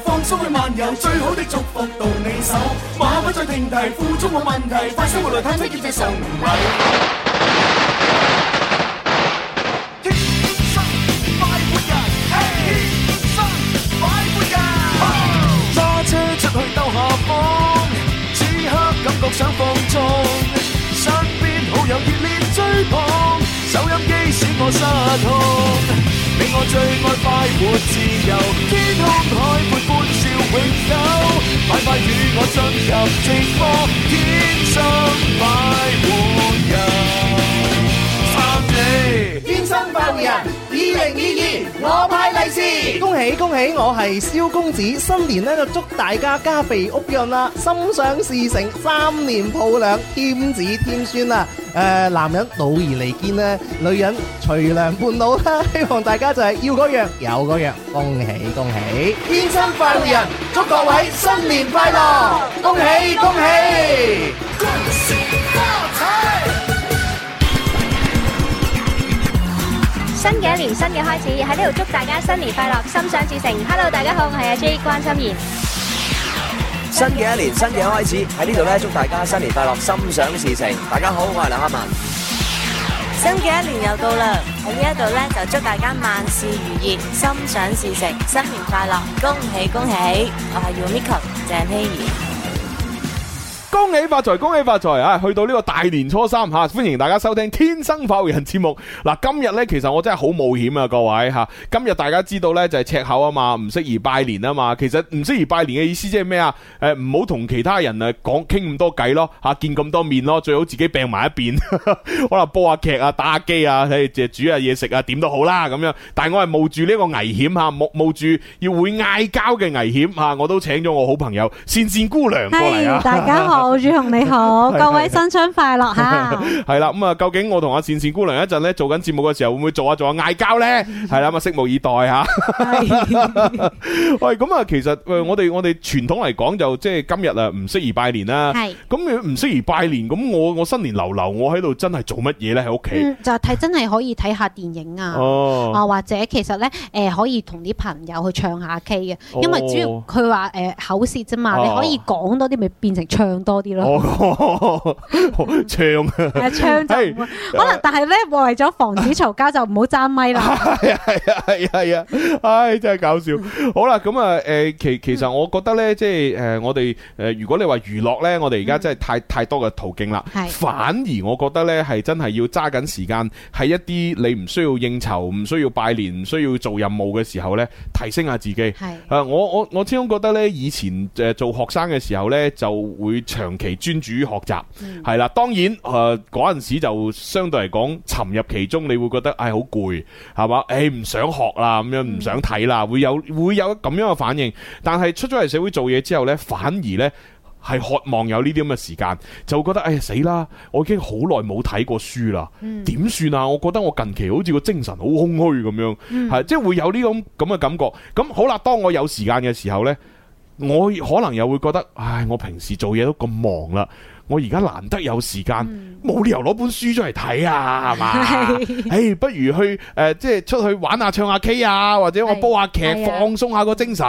放鬆去漫遊，最好的祝福到你手。馬不再停蹄，負重我問題，快些回來探出結界，鬆圍。天生快活人，hey! 天生快活人。揸、oh! 車出去兜下風，此刻感覺想放縱。身邊好友熱烈追捧，收音機使我失控。你我最愛快活自由，天空海闊歡笑永久。快快與我進入寂寞，天生快活人，讚你，天生快活人。二零二二，我派利是，恭喜恭喜！我係蕭公子，新年呢，就祝大家家肥屋潤啦，心想事成，三年抱兩，添子添孫啊！誒、呃，男人老而彌堅咧，女人除良伴老啦，希望大家就係要嗰樣有嗰樣，恭喜恭喜，天生快樂人，祝各位新年快樂，恭喜恭喜。恭喜新嘅一年，新嘅開始，喺呢度祝大家新年快樂，心想事成。Hello，大家好，我係阿 J 關心妍。新嘅一年，新嘅開始，喺呢度咧祝大家新年快樂，心想事成。大家好，我係梁克文。新嘅一年又到啦，喺呢一度咧就祝大家萬事如意，心想事成，新年快樂，恭喜恭喜。我係 Yumiko 鄭希怡。恭喜發財，恭喜發財啊！去到呢個大年初三吓、啊，歡迎大家收聽《天生發福人》節目。嗱、啊，今日呢，其實我真係好冒險啊，各位吓、啊。今日大家知道呢，就係、是、赤口啊嘛，唔適宜拜年啊嘛。其實唔適宜拜年嘅意思即係咩啊？誒、啊，唔好同其他人啊講傾咁多偈咯，吓、啊、見咁多面咯，最好自己病埋一邊，可能播下劇啊、打下機啊、誒、哎，煮下嘢食啊，點都、啊、好啦、啊、咁樣。但係我係冒住呢個危險吓、啊，冒冒住要會嗌交嘅危險吓、啊，我都請咗我好朋友蒨蒨姑娘過嚟啊！Hey, 大家好 主持你好，各位新春快樂吓！係 啦，咁、嗯、啊，究竟我同阿蒨蒨姑娘一陣咧做緊節目嘅時候，會唔會做下做下嗌交咧？係 啦，咁啊，拭目以待吓。喂，咁啊，其實誒，我哋我哋傳統嚟講就即、是、係今日啊，唔適宜拜年啦。係，咁唔適宜拜年，咁我我新年流流，我喺度真係做乜嘢咧？喺屋企就睇，真係可以睇下電影啊，啊、哦，或者其實咧誒，可以同啲朋友去唱下 K 嘅，因為主要佢話誒口舌啫嘛，你可以講多啲，咪變成唱多。多啲咯，唱啊，唱、哎、可能，但係咧、哎、為咗防止嘈交就唔好爭咪啦、哎。係啊係啊係啊，係、哎、啊，唉、哎、真係搞笑、嗯。好啦，咁啊誒，其其實我覺得咧，即係誒我哋誒，如果你話娛樂咧，我哋而家真係太、嗯、太多嘅途徑啦。係、嗯，反而我覺得咧係真係要揸緊時間，係一啲你唔需要應酬、唔需要拜年、唔需要做任務嘅時候咧，提升下自己。係、嗯，啊、呃，我我我始終覺得咧，以前誒、呃、做學生嘅時候咧，就會長長期專注於學習，係啦，當然誒，嗰、呃、陣時就相對嚟講沉入其中，你會覺得唉，好、哎、攰，係嘛？誒唔、哎、想學啦，咁樣唔想睇啦，嗯，會有會有咁樣嘅反應。但係出咗嚟社會做嘢之後呢，反而呢係渴望有呢啲咁嘅時間，就會覺得誒死啦，我已經好耐冇睇過書啦，點算啊？我覺得我近期好似個精神好空虛咁樣，係即係會有呢種咁嘅感覺。咁好啦，當我有時間嘅時候呢。我可能又會覺得，唉，我平時做嘢都咁忙啦。我而家難得有時間，冇、嗯、理由攞本書出嚟睇啊，係嘛？誒、哎，不如去誒、呃，即係出去玩下、啊、唱下、啊、K 啊，或者我煲下劇放鬆下個精神，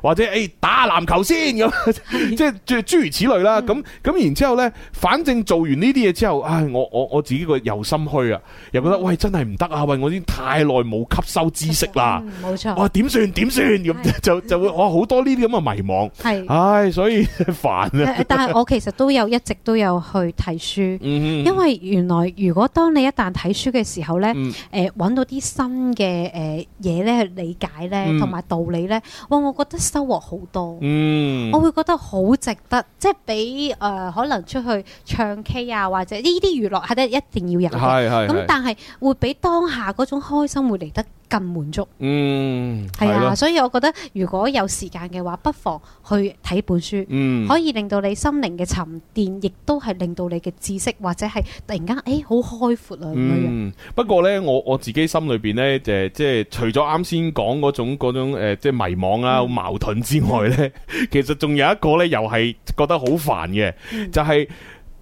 或者誒、哎、打下籃球先咁，即係諸如此類啦。咁咁然之後呢反正做完呢啲嘢之後，唉，我我我自己個又心虛啊，又覺得喂真係唔得啊，喂我已經太耐冇吸收知識啦，冇、嗯、錯。我點算點算咁就就會我好多呢啲咁嘅迷茫，唉所以煩啊。但係我其實都有一。直都有去睇書，因為原來如果當你一旦睇書嘅時候咧，誒揾、嗯呃、到啲新嘅誒嘢咧去理解咧同埋道理咧，哇！我覺得收穫好多，嗯、我會覺得好值得，即係比誒、呃、可能出去唱 K 啊或者呢啲娛樂係得一定要有嘅，咁是、嗯、但係會比當下嗰種開心會嚟得更滿足，嗯，係啊，所以我覺得如果有時間嘅話，不妨去睇本書，嗯，可以令到你心靈嘅沉澱，亦都係令到你嘅知識或者係突然間，誒、哎，好開闊啊咁、嗯、不過呢，我我自己心裏邊呢，就、呃呃、即係除咗啱先講嗰種嗰種即係迷惘啊、矛盾之外呢，嗯、其實仲有一個呢，又係覺得好煩嘅，就係、是。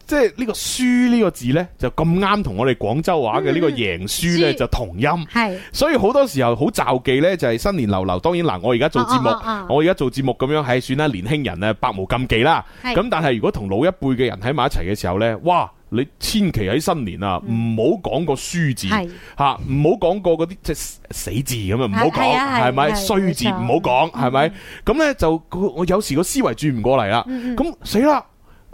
即係呢個輸呢個字呢，就咁啱同我哋廣州話嘅呢個贏輸呢，就同音，係。所以好多時候好罩忌，忌呢，就係、是、新年流流。當然嗱，我而家做節目，啊啊啊、我而家做節目咁樣，係算啦。年輕人咧百無禁忌啦。咁但係如果同老一輩嘅人喺埋一齊嘅時候呢，哇！你千祈喺新年啊，唔好講個輸字吓，唔好講個嗰啲即係死字咁啊，唔好講係咪衰字唔好講係咪？咁呢？是是嗯、就我有時個思維轉唔過嚟啦，咁死啦。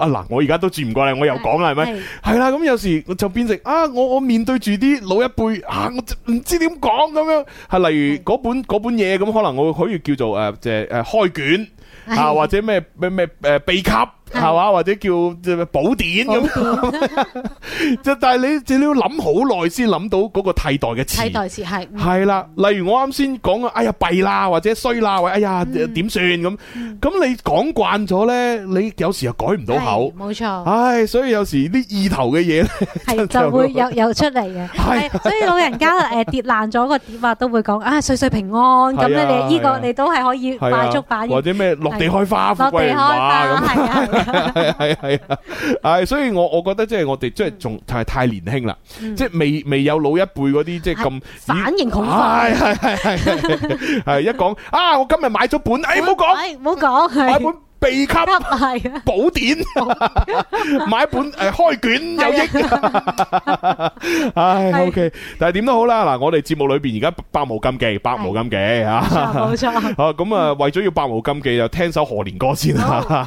啊嗱！我而家都轉唔過嚟，我又講啦，係咪？係啦，咁有時我就變成啊，我我面對住啲老一輩啊，我唔知點講咁樣。係例如嗰本嗰本嘢咁，可能我可以叫做誒即係誒開卷、呃、啊，或者咩咩咩誒秘笈。係嘛，或者叫即係寶典咁。就但係你你要諗好耐先諗到嗰個替代嘅詞。替代詞，係係啦，例如我啱先講啊，哎呀弊啦，或者衰啦，或者哎呀點算咁。咁你講慣咗咧，你有時又改唔到口。冇錯。唉，所以有時啲意頭嘅嘢咧，係就會有有出嚟嘅。係，所以老人家誒跌爛咗個碟啊，都會講啊歲歲平安咁咧。你呢個你都係可以快速反應或者咩落地開花，落地開花係啊。係係係，係所以我我覺得即係我哋即係仲係太年輕啦，即係未未有老一輩嗰啲即係咁反應好快，係係係係係一講啊，我今日買咗本，誒，唔好講，唔好講，買本秘笈，係寶典，買本誒開卷有益，唉，OK，但係點都好啦，嗱，我哋節目裏邊而家百無禁忌，百無禁忌吓，冇錯，冇錯，啊，咁啊，為咗要百無禁忌，就聽首賀年歌先啦。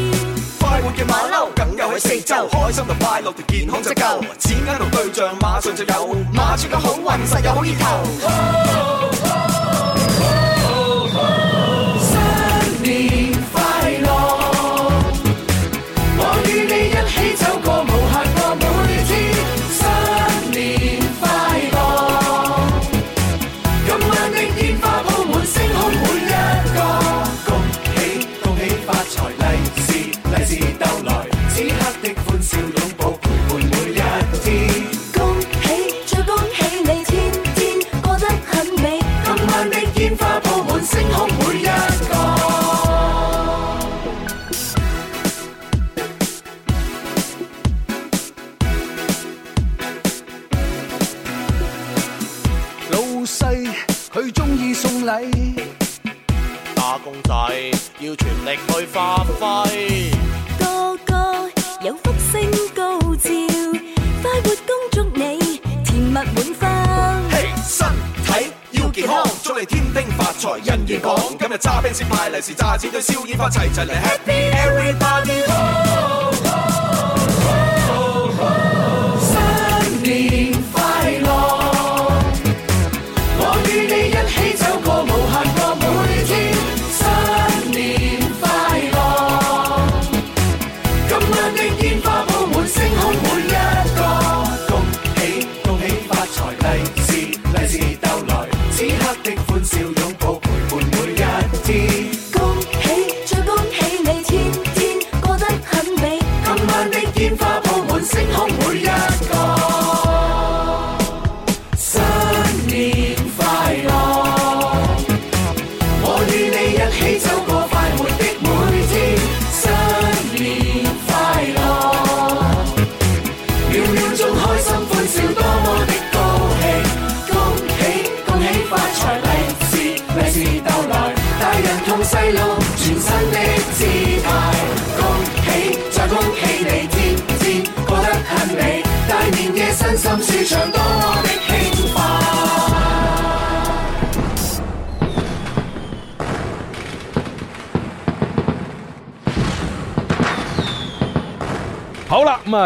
活嘅馬騮，更夠喺四周，開心同快樂同健康就夠，錢跟同對象馬上就有，馬出個好運實有好意頭。Oh, oh, oh. 打工仔要全力去發揮，個個有福星高照，快活恭祝你甜蜜滿分。Hey, 身體要健康，祝你添丁發財人緣廣。今日揸 fans 派利是，揸錢袋燒煙花，齊齊嚟 Happy Everybody！新年。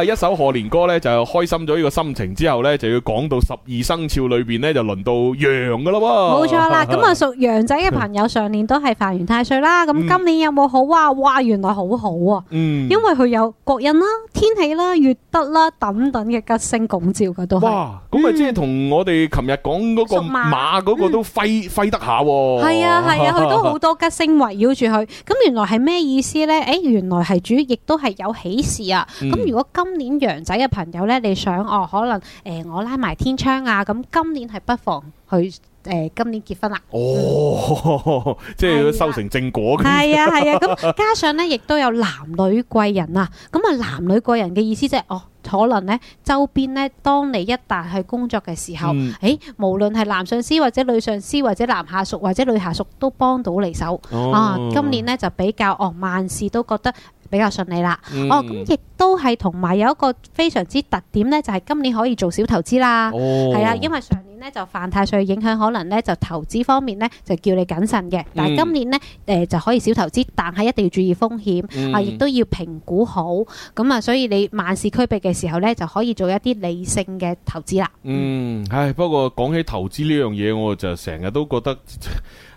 一首賀年歌咧，就開心咗呢個心情之後咧，就要講到十二生肖裏邊咧，就輪到羊噶咯喎。冇錯啦，咁啊屬羊仔嘅朋友 上年都係犯元太歲啦，咁今年有冇好啊，嗯？哇，原來好好啊！因為佢有國印啦，天喜啦，月德啦等等嘅吉星拱照嘅都是。哇！咁，嗯，啊，即係同我哋琴日講嗰個馬嗰個都輝輝得下。係啊係啊，佢，啊，都好多吉星圍繞住佢。咁原來係咩意思咧？誒，欸，原來係主亦都係有喜事啊！咁如果今今年羊仔嘅朋友呢，你想哦，可能誒、呃，我拉埋天窗啊，咁今年係不妨去誒、呃，今年結婚啦。哦，呵呵即係修成正果嘅。係啊係啊，咁、啊啊嗯、加上呢，亦都有男女貴人啊，咁、嗯、啊男女貴人嘅意思即、就、係、是、哦，可能呢周邊呢，當你一旦去工作嘅時候，誒、嗯欸，無論係男上司或者女上司或者男下屬或者女下屬都幫到你手、哦。啊，今年呢就比較哦，萬事都覺得，比較順利啦。嗯、哦，咁亦都係同埋有一個非常之特點呢，就係、是、今年可以做小投資啦。係啊、哦，因為上年呢就犯太歲影響，可能呢就投資方面呢就叫你謹慎嘅。但係今年呢誒、嗯呃、就可以小投資，但係一定要注意風險、嗯、啊，亦都要評估好。咁、嗯、啊，所以你萬事俱備嘅時候呢，就可以做一啲理性嘅投資啦。嗯，唉，不過講起投資呢樣嘢，我就成日都覺得。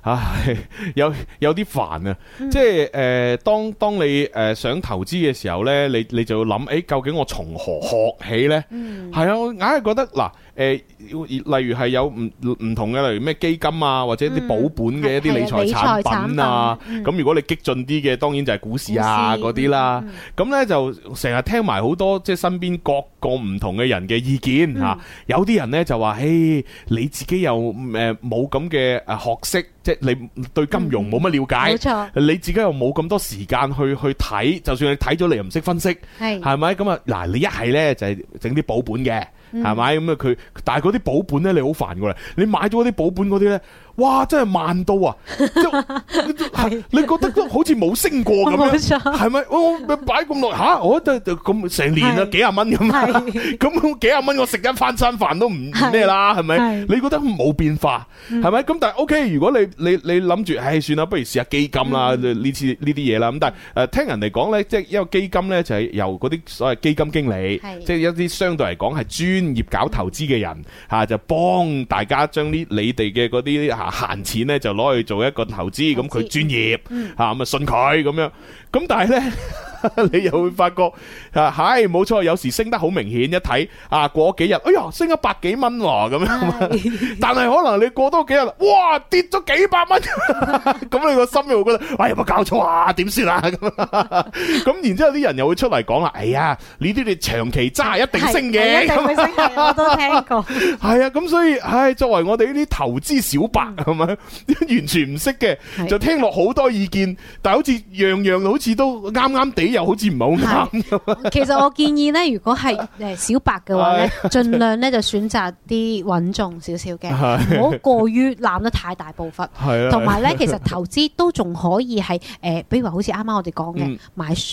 唉， 有有啲煩啊！嗯、即係誒、呃，當當你誒想投資嘅時候呢，你你就要諗，誒、欸、究竟我從何學起呢？係、嗯、啊，我硬係覺得嗱。誒，例如係有唔唔同嘅，例如咩基金啊，或者啲保本嘅一啲理財產品啊。咁如果你激進啲嘅，當然就係股市啊嗰啲啦。咁呢就成日聽埋好多，即係身邊各個唔同嘅人嘅意見吓。有啲人呢就話，誒，你自己又誒冇咁嘅誒學識，即係你對金融冇乜了解。冇錯，你自己又冇咁多時間去去睇，就算你睇咗，你又唔識分析，係咪咁啊？嗱，你一係呢就係整啲保本嘅。係咪？咁啊，佢但係嗰啲保本咧，你好煩過嚟。你買咗嗰啲保本嗰啲咧。哇！真係慢到啊！你覺得都好似冇升過咁樣，係咪？我擺咁耐嚇，我都就咁成年啦，幾廿蚊咁啦，咁幾廿蚊我食緊翻餐飯都唔咩啦，係咪？你覺得冇變化係咪？咁但係 OK，如果你你你諗住，唉，算啦，不如試下基金啦，呢次呢啲嘢啦。咁但係誒，聽人哋講咧，即係一個基金咧就係由嗰啲所謂基金經理，即係一啲相對嚟講係專業搞投資嘅人嚇，就幫大家將呢你哋嘅嗰啲嚇。閒錢咧就攞去做一個投資，咁佢專業吓，咁、嗯、啊就信佢咁樣，咁但係咧。 你又會發覺啊，係冇錯，有時升得好明顯，一睇啊，過幾日，哎呀，升一百幾蚊喎，咁樣。但係可能你過多幾日，哇，跌咗幾百蚊，咁 你個心又會覺得，喂，有冇搞錯啊？點算啊？咁咁，然之後啲人又會出嚟講啦，哎呀，呢啲你長期揸一定升嘅，一係 聽 啊，咁所以，唉、哎，作為我哋呢啲投資小白，係、嗯、咪 完全唔識嘅，就聽落好多意見，但係好似樣樣好似都啱啱地。又好似唔係好啱。其實我建議咧，如果係誒小白嘅話咧，盡 量咧就選擇啲穩重少少嘅，唔好過於攬得太大部分。同埋咧，其實投資都仲可以係誒、呃，比如話好似啱啱我哋講嘅買書，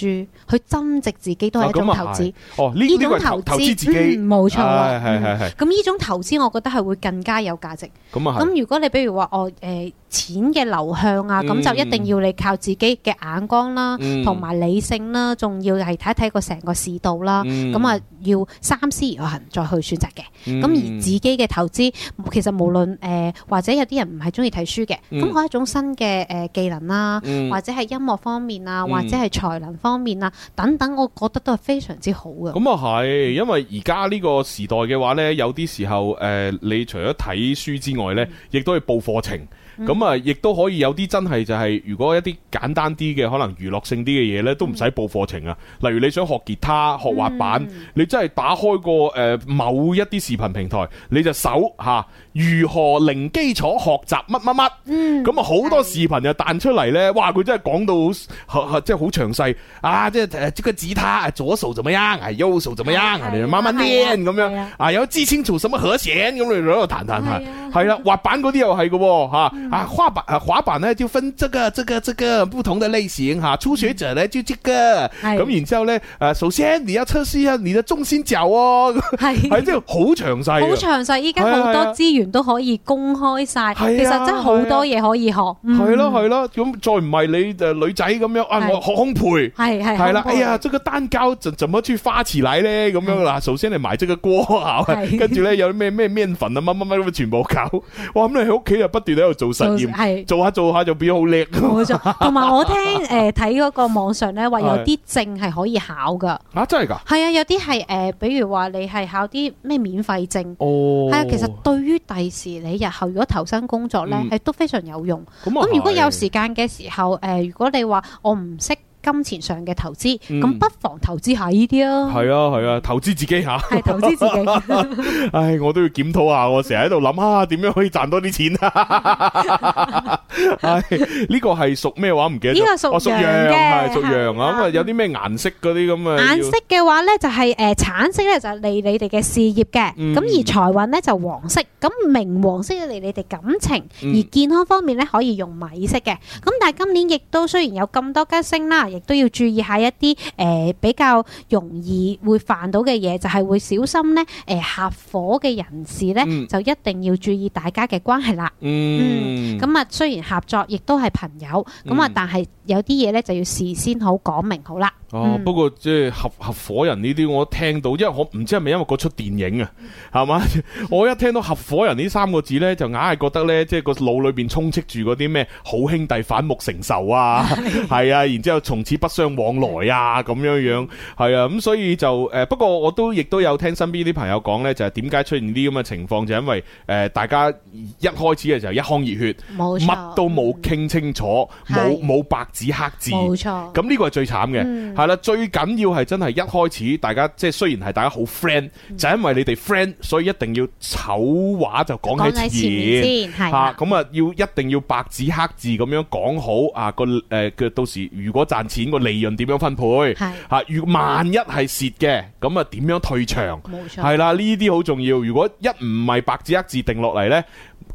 去增值自己都係一種投資。哦，呢種投資，投資投資自己，冇錯，係係係。咁呢、哎嗯、種投資，我覺得係會更加有價值。咁咁如果你比如話哦誒、呃、錢嘅流向啊，咁就一定要你靠自己嘅眼光啦、啊，同、嗯、埋理性、啊。啦，仲要係睇一睇個成個市道啦，咁、嗯、啊要三思而行再去選擇嘅。咁、嗯、而自己嘅投資，其實無論誒、呃、或者有啲人唔係中意睇書嘅，咁、嗯、嗰一種新嘅誒技能啦、嗯，或者係音樂方面啊、嗯，或者係才能方面啊等等，我覺得都係非常之好嘅。咁啊係，因為而家呢個時代嘅話呢，有啲時候誒、呃，你除咗睇書之外呢，亦都係報課程。咁、嗯、啊，亦都可以有啲真係就係、是，如果一啲簡單啲嘅，可能娛樂性啲嘅嘢咧，都唔使報課程啊。例如你想學吉他、學滑板，嗯、你真係打開個誒某一啲視頻平台，你就搜吓、啊、如何零基礎學習乜乜乜。咁啊，好多視頻就彈出嚟咧，哇！佢真係講到，即係好詳細啊！即係即個吉他，左手怎麼樣，右手怎麼慢慢樣，你慢慢練咁樣啊，有知清楚什麼和弦，咁，你喺度彈彈彈，係啦、啊。滑板嗰啲又係嘅，吓、啊。啊啊，滑板啊，滑板咧就分這個、這個、這個不同的類型哈、啊，初學者咧就這個，咁、嗯、然之後咧，誒、啊，首先你要測試一下你的中心軸哦，係係即係好詳細，好詳細，依家好多資源都可以公開晒、啊，其實真係好多嘢可以學，係咯係咯，咁、啊嗯啊啊、再唔係你誒女仔咁樣啊，我學烘焙，係係係啦，哎呀，即、這個蛋糕怎怎麼去花池奶咧咁樣啦，首先你埋即個鍋、啊啊、跟住咧有啲咩咩麵粉啊，乜乜乜全部搞， 哇咁你喺屋企又不斷喺度做。實驗係做下做下就變好叻。冇錯，同埋我聽誒睇嗰個網上咧話有啲證係可以考噶。嚇真係㗎？係啊，係有啲係誒，比如話你係考啲咩免費證。哦。係啊，其實對於第時你日後如果投身工作咧，係、嗯、都非常有用。咁、嗯就係啊、如果有時間嘅時候，誒、呃，如果你話我唔識。金錢上嘅投資，咁、嗯、不妨投資下呢啲咯。係啊係啊，投資自己吓，係投資自己。 唉，我都要檢討下，我成日喺度諗啊，點樣可以賺多啲錢、 這個這個哦、啊？唉，這的呢個係屬咩話？唔記得。呢個屬屬羊嘅，屬羊啊。咁啊，有啲咩顏色嗰啲咁啊？顏色嘅話咧，就係、是、誒、呃、橙色咧，就利、是、你哋嘅事業嘅。咁、嗯、而財運咧就黃色，咁明黃色咧利你哋感情、嗯，而健康方面咧可以用米色嘅。咁但係今年亦都雖然有咁多吉星啦。亦都要注意下一啲誒比較容易會犯到嘅嘢，就係會小心呢誒合夥嘅人士呢，就一定要注意大家嘅關係啦。嗯，咁啊雖然合作亦都係朋友，咁啊但係有啲嘢呢就要事先好講明好啦。哦，不過即係合合夥人呢啲，我聽到，因為我唔知係咪因為嗰出電影啊，係嘛？我一聽到合夥人呢三個字呢，就硬係覺得呢，即係個腦裏邊充斥住嗰啲咩好兄弟反目成仇啊，係啊，然之後從似不相往來啊，咁樣樣，係啊，咁所以就誒，不過我都亦都有聽身邊啲朋友講咧，就係點解出現啲咁嘅情況，就因為誒大家一開始嘅時候一腔熱血，冇乜都冇傾清楚，冇、嗯、冇白紙黑字，冇錯。咁呢個係最慘嘅，係、嗯、啦，最緊要係真係一開始大家即係雖然係大家好 friend，就因為你哋 friend，所以一定要醜話就講起，起前面先，吓，咁啊要一定要白紙黑字咁樣講好啊個誒、呃、到時如果賺錢個利潤點樣分配？係吓，如萬一係蝕嘅，咁啊點樣退場？冇錯，係啦，呢啲好重要。如果一唔係白紙一字定落嚟呢，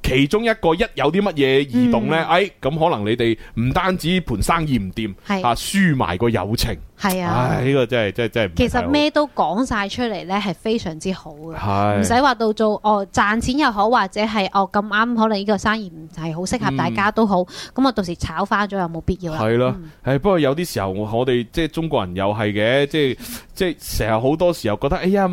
其中一個一有啲乜嘢移動呢、嗯？哎，咁可能你哋唔單止盤生意唔掂，吓輸埋個友情。係啊！呢、呢個真係真係真係。其實咩都講晒出嚟咧，係非常之好嘅。係唔使話到做哦，賺錢又好，或者係哦咁啱，可能呢個生意唔係好適合大家都好。咁、嗯、我到時炒翻咗又冇必要。係咯、啊，誒、嗯哎、不過有啲時候我哋即係中國人又係嘅，即係即係成日好多時候覺得，哎呀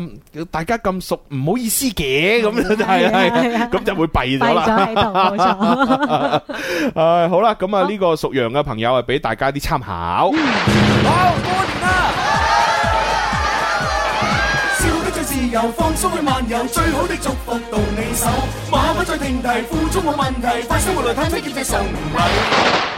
大家咁熟，唔好意思嘅咁、啊、樣就係、是，係咁、啊啊、就會閉咗啦。冇錯。誒 好啦的，咁啊呢個屬羊嘅朋友啊，俾大家啲參考。嗯笑得最自由，放鬆去漫遊，最好的祝福到你手，馬不再停蹄。付出冇問題，發生無奈，坦率接受送禮。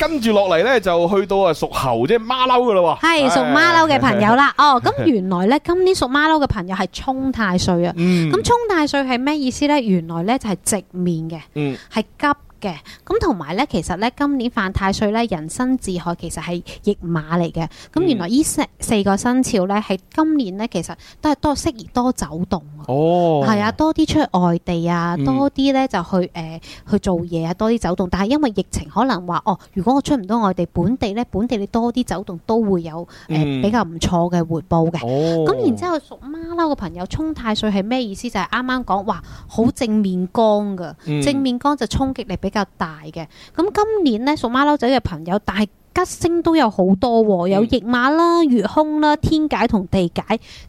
跟住落嚟呢，就去到啊屬猴即係馬騮噶咯喎，係屬馬騮嘅朋友啦。 哦，咁原來呢，今年屬馬騮嘅朋友係衝太歲啊。咁、嗯、衝太歲係咩意思呢？原來呢就係、是、直面嘅，嗯，係急。嘅，咁同埋咧，其實咧今年犯太歲咧，人生自害其實係驛馬嚟嘅。咁、嗯、原來呢四四個生肖咧，係今年咧其實都係多適宜多走動。哦，係啊，多啲出去外地啊，多啲咧就去誒、呃、去做嘢啊，多啲走動。但係因為疫情，可能話哦，如果我出唔到外地，本地咧本地你多啲走動都會有誒、呃、比較唔錯嘅回報嘅。咁、嗯哦、然之後屬馬騮嘅朋友衝太歲係咩意思？就係啱啱講，哇，好正面光㗎，正面光就衝擊力比比較大嘅，咁今年咧屬馬騮仔嘅朋友，但吉星都有好多喎，有驛馬啦、月空啦、天解同地解，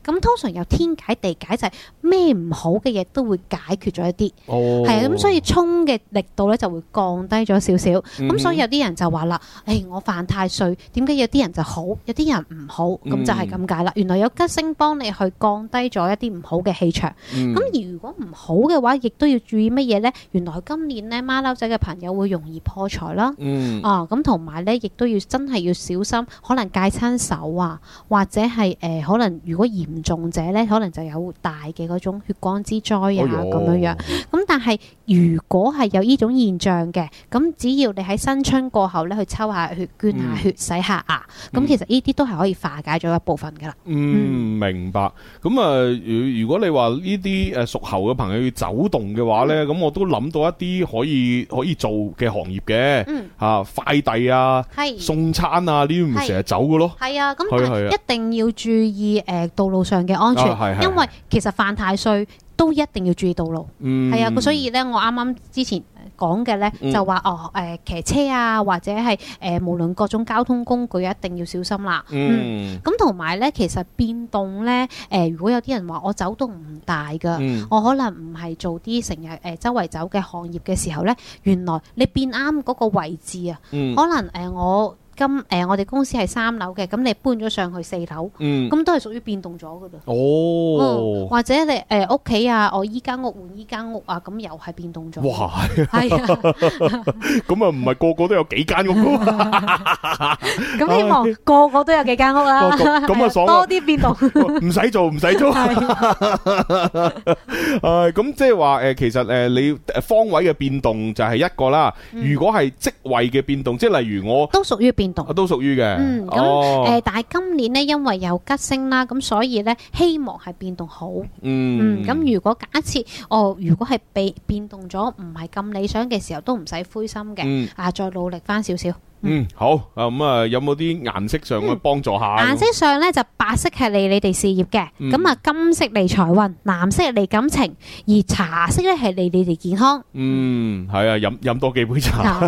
咁通常有天解地解就係咩唔好嘅嘢都會解決咗一啲，係、哦、啊，咁所以衝嘅力度咧就會降低咗少少，咁所以有啲人就話啦，誒、哎、我犯太歲，點解有啲人就好，有啲人唔好，咁就係咁解啦。原來有吉星幫你去降低咗一啲唔好嘅氣場，咁、嗯、如果唔好嘅話，亦都要注意乜嘢咧？原來今年咧，馬騮仔嘅朋友會容易破財啦，嗯、啊，咁同埋咧，亦都要要真係要小心，可能戒親手啊，或者係誒、呃，可能如果嚴重者咧，可能就有大嘅嗰種血光之災啊，咁、哎、樣樣。咁但係如果係有呢種現象嘅，咁只要你喺新春過後咧去抽下血、捐下血、嗯、洗下牙，咁其實呢啲都係可以化解咗一部分噶啦、嗯。嗯，明白。咁啊，如果你話呢啲誒屬猴嘅朋友要走動嘅話咧，咁我都諗到一啲可以可以做嘅行業嘅，嗯，吓快遞啊，係、啊。送餐啊，呢啲唔成日走嘅咯，係啊，咁但一定要注意誒道路上嘅安全，啊，因為其實犯太歲都一定要注意道路，係啊、嗯，咁所以咧，我啱啱之前。講嘅咧、嗯、就話哦誒、呃、騎車啊或者係誒、呃、無論各種交通工具一定要小心啦、啊。咁同埋咧，其實變動咧誒、呃、如果有啲人話我走動唔大㗎，嗯、我可能唔係做啲成日誒周圍走嘅行業嘅時候咧，原來你變啱嗰個位置啊，嗯、可能誒、呃、我。咁誒，我哋公司係三樓嘅，咁你搬咗上去四樓，咁都係屬於變動咗噶啦。哦，或者你誒屋企啊，我依間屋換依間屋啊，咁又係變動咗。哇，係啊，咁啊，唔係個個都有幾間屋啊？咁希望個個都有幾間屋啊。咁啊爽多啲變動，唔使做，唔使做。誒，咁即係話誒，其實誒你誒方位嘅變動就係一個啦。如果係職位嘅變動，即係例如我都屬於變動，啊，都屬於嘅。嗯，咁誒、哦、呃，但係今年咧，因為有吉星啦，咁所以咧，希望係變動好。嗯、咁、嗯、如果假設我、哦、如果係被變動咗，唔係咁理想嘅時候，都唔使灰心嘅。嗯、啊，再努力翻少少。嗯，好啊，咁、嗯、啊，有冇啲顏色上去幫助下？顏、嗯、色上咧就白色係利你哋事業嘅，咁、嗯、啊金色利財運，藍色利感情，而茶色咧係利你哋健康。嗯，係啊，飲飲多幾杯茶。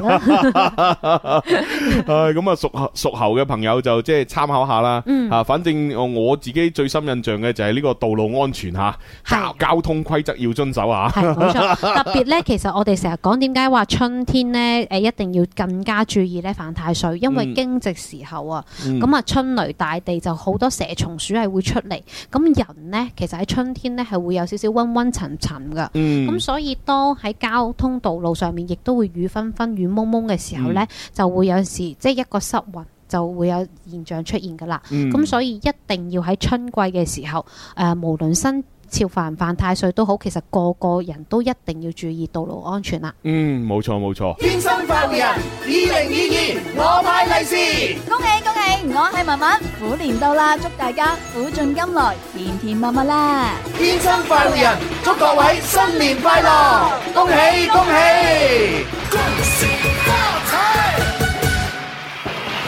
誒，咁啊屬屬猴嘅朋友就即係參考下啦。啊、嗯，反正我自己最深印象嘅就係呢個道路安全吓，交交通規則要遵守啊。係冇錯，特別咧，其實我哋成日講點解話春天咧，誒，一定要更加注意咧。太歲，因為驚蟄時候啊，咁啊、嗯嗯嗯、春雷大地就好多蛇蟲鼠係會出嚟，咁人咧其實喺春天咧係會有少少昏昏沉沉噶，咁、嗯嗯、所以當喺交通道路上面亦都會雨紛紛、雨蒙蒙嘅時候咧，嗯、就會有陣時即係、就是、一個濕雲就會有現象出現噶啦，咁、嗯嗯、所以一定要喺春季嘅時候誒、呃，無論身超凡犯太歲都好，其實個個人都一定要注意道路安全啦。嗯，冇錯冇錯。天生快活人，二零二二我派利是，恭喜恭喜！我係文文，虎年到啦，祝大家苦盡甘來，甜甜蜜蜜啦！天生快活人，祝各位新年快樂，恭喜恭喜！恭喜發財！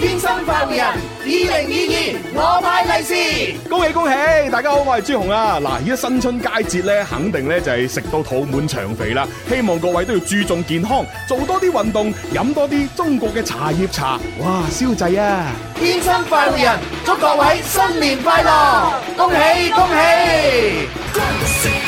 天生快活人，二零二二我派利是，恭喜恭喜！大家好，我係朱紅啊！嗱，而家新春佳節咧，肯定咧就係食到肚滿腸肥啦。希望各位都要注重健康，做多啲運動，飲多啲中國嘅茶葉茶，哇！消滯啊！天生快活人，祝各位新年快樂，恭喜恭喜！恭喜！.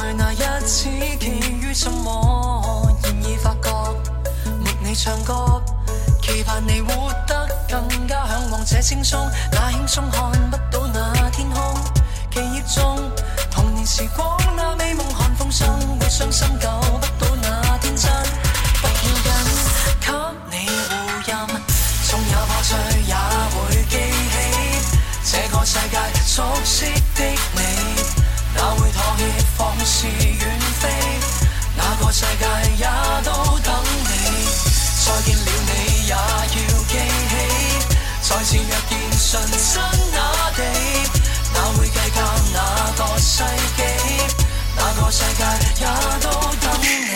在那一次，寄予什麼？現已發覺，沒你唱歌，期盼你活得更加向往這輕鬆，那輕鬆看不到那天空。記憶中童年時光那美夢看風霜，會傷心，夠不到那天真。不要緊，給你護蔭，縱有破碎也會記起這個世界熟悉的。是遠飛，哪個世界也都等你。再見了你也要記起，再次約見純真那地，哪會計較哪個世紀？哪個世界也都等你。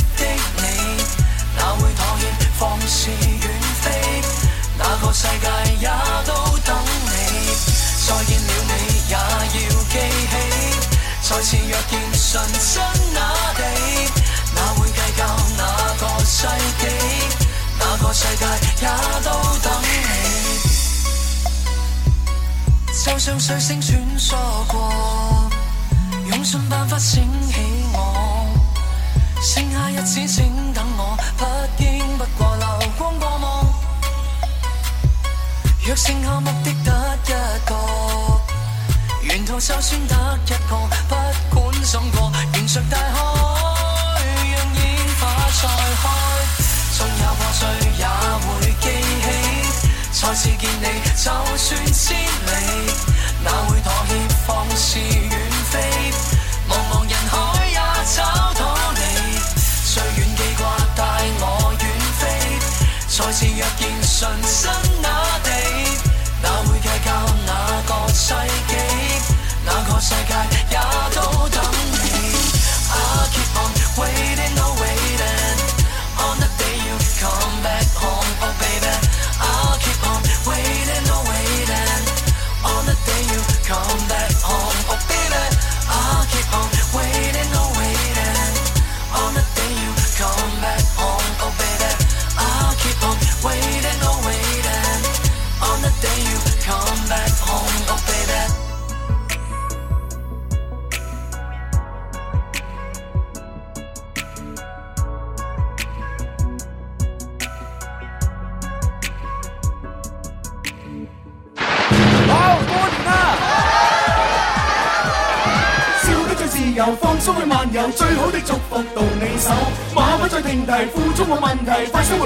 世界也都等你，就像水星穿梭過，用盡辦法醒起我，剩下日子，請等我，不經不覺，流光過目。若剩下目的得一個，沿途就算得一個，不管走過，沿著大海，讓煙花再開。縱有破碎，也會記起。再次見你，就算千里，哪會妥協放肆遠飛？茫茫人海也找到你。最遠記掛，帶我遠飛。再次若見，純真。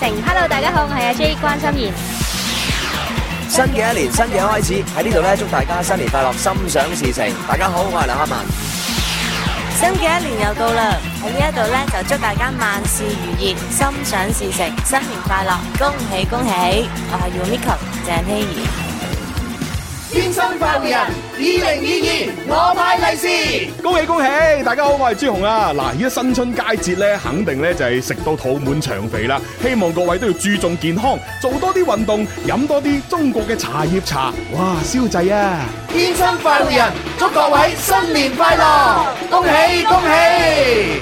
Hello，大家好，我係阿 J 關心妍。新嘅一年，新嘅開始，喺呢度咧祝大家新年快樂，心想事成。大家好，我係梁克文。新嘅一年又到啦，喺呢一度咧就祝大家萬事如意，心想事成，新年快樂，恭喜恭喜。我係 Yumiko 鄭希怡，天生快活人。二零二二，我派利是，恭喜恭喜！大家好，我係朱紅啊！嗱，而家新春佳節咧，肯定咧就係食到肚滿腸肥啦。希望各位都要注重健康，做多啲運動，飲多啲中國嘅茶葉茶。哇，燒仔啊！天生快樂人，祝各位新年快樂，恭喜恭喜！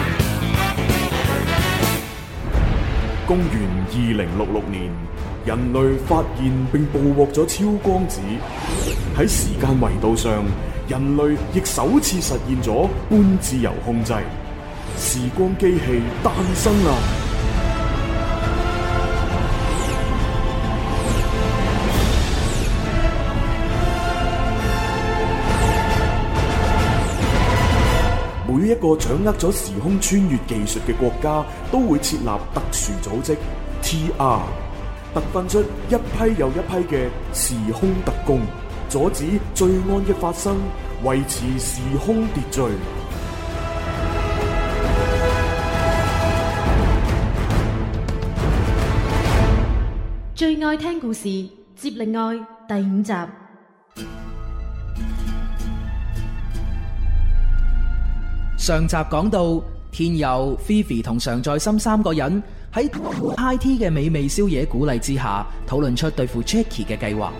公元二零六六年，人類發現並捕獲咗超光子，喺時間維度上，人類亦首次實現咗半自由控制，時光機器誕生啦！一個掌握咗時空穿越技術嘅國家，都會設立特殊組織 TR，特訓出一批又一批嘅時空特工，阻止罪案嘅發生，維持時空秩序。最愛聽故事《接力愛》第五集。上集講到，天佑、菲菲同常在心三個人喺 IT 嘅美味宵夜鼓勵之下，討論出對付 Jackie 嘅計劃，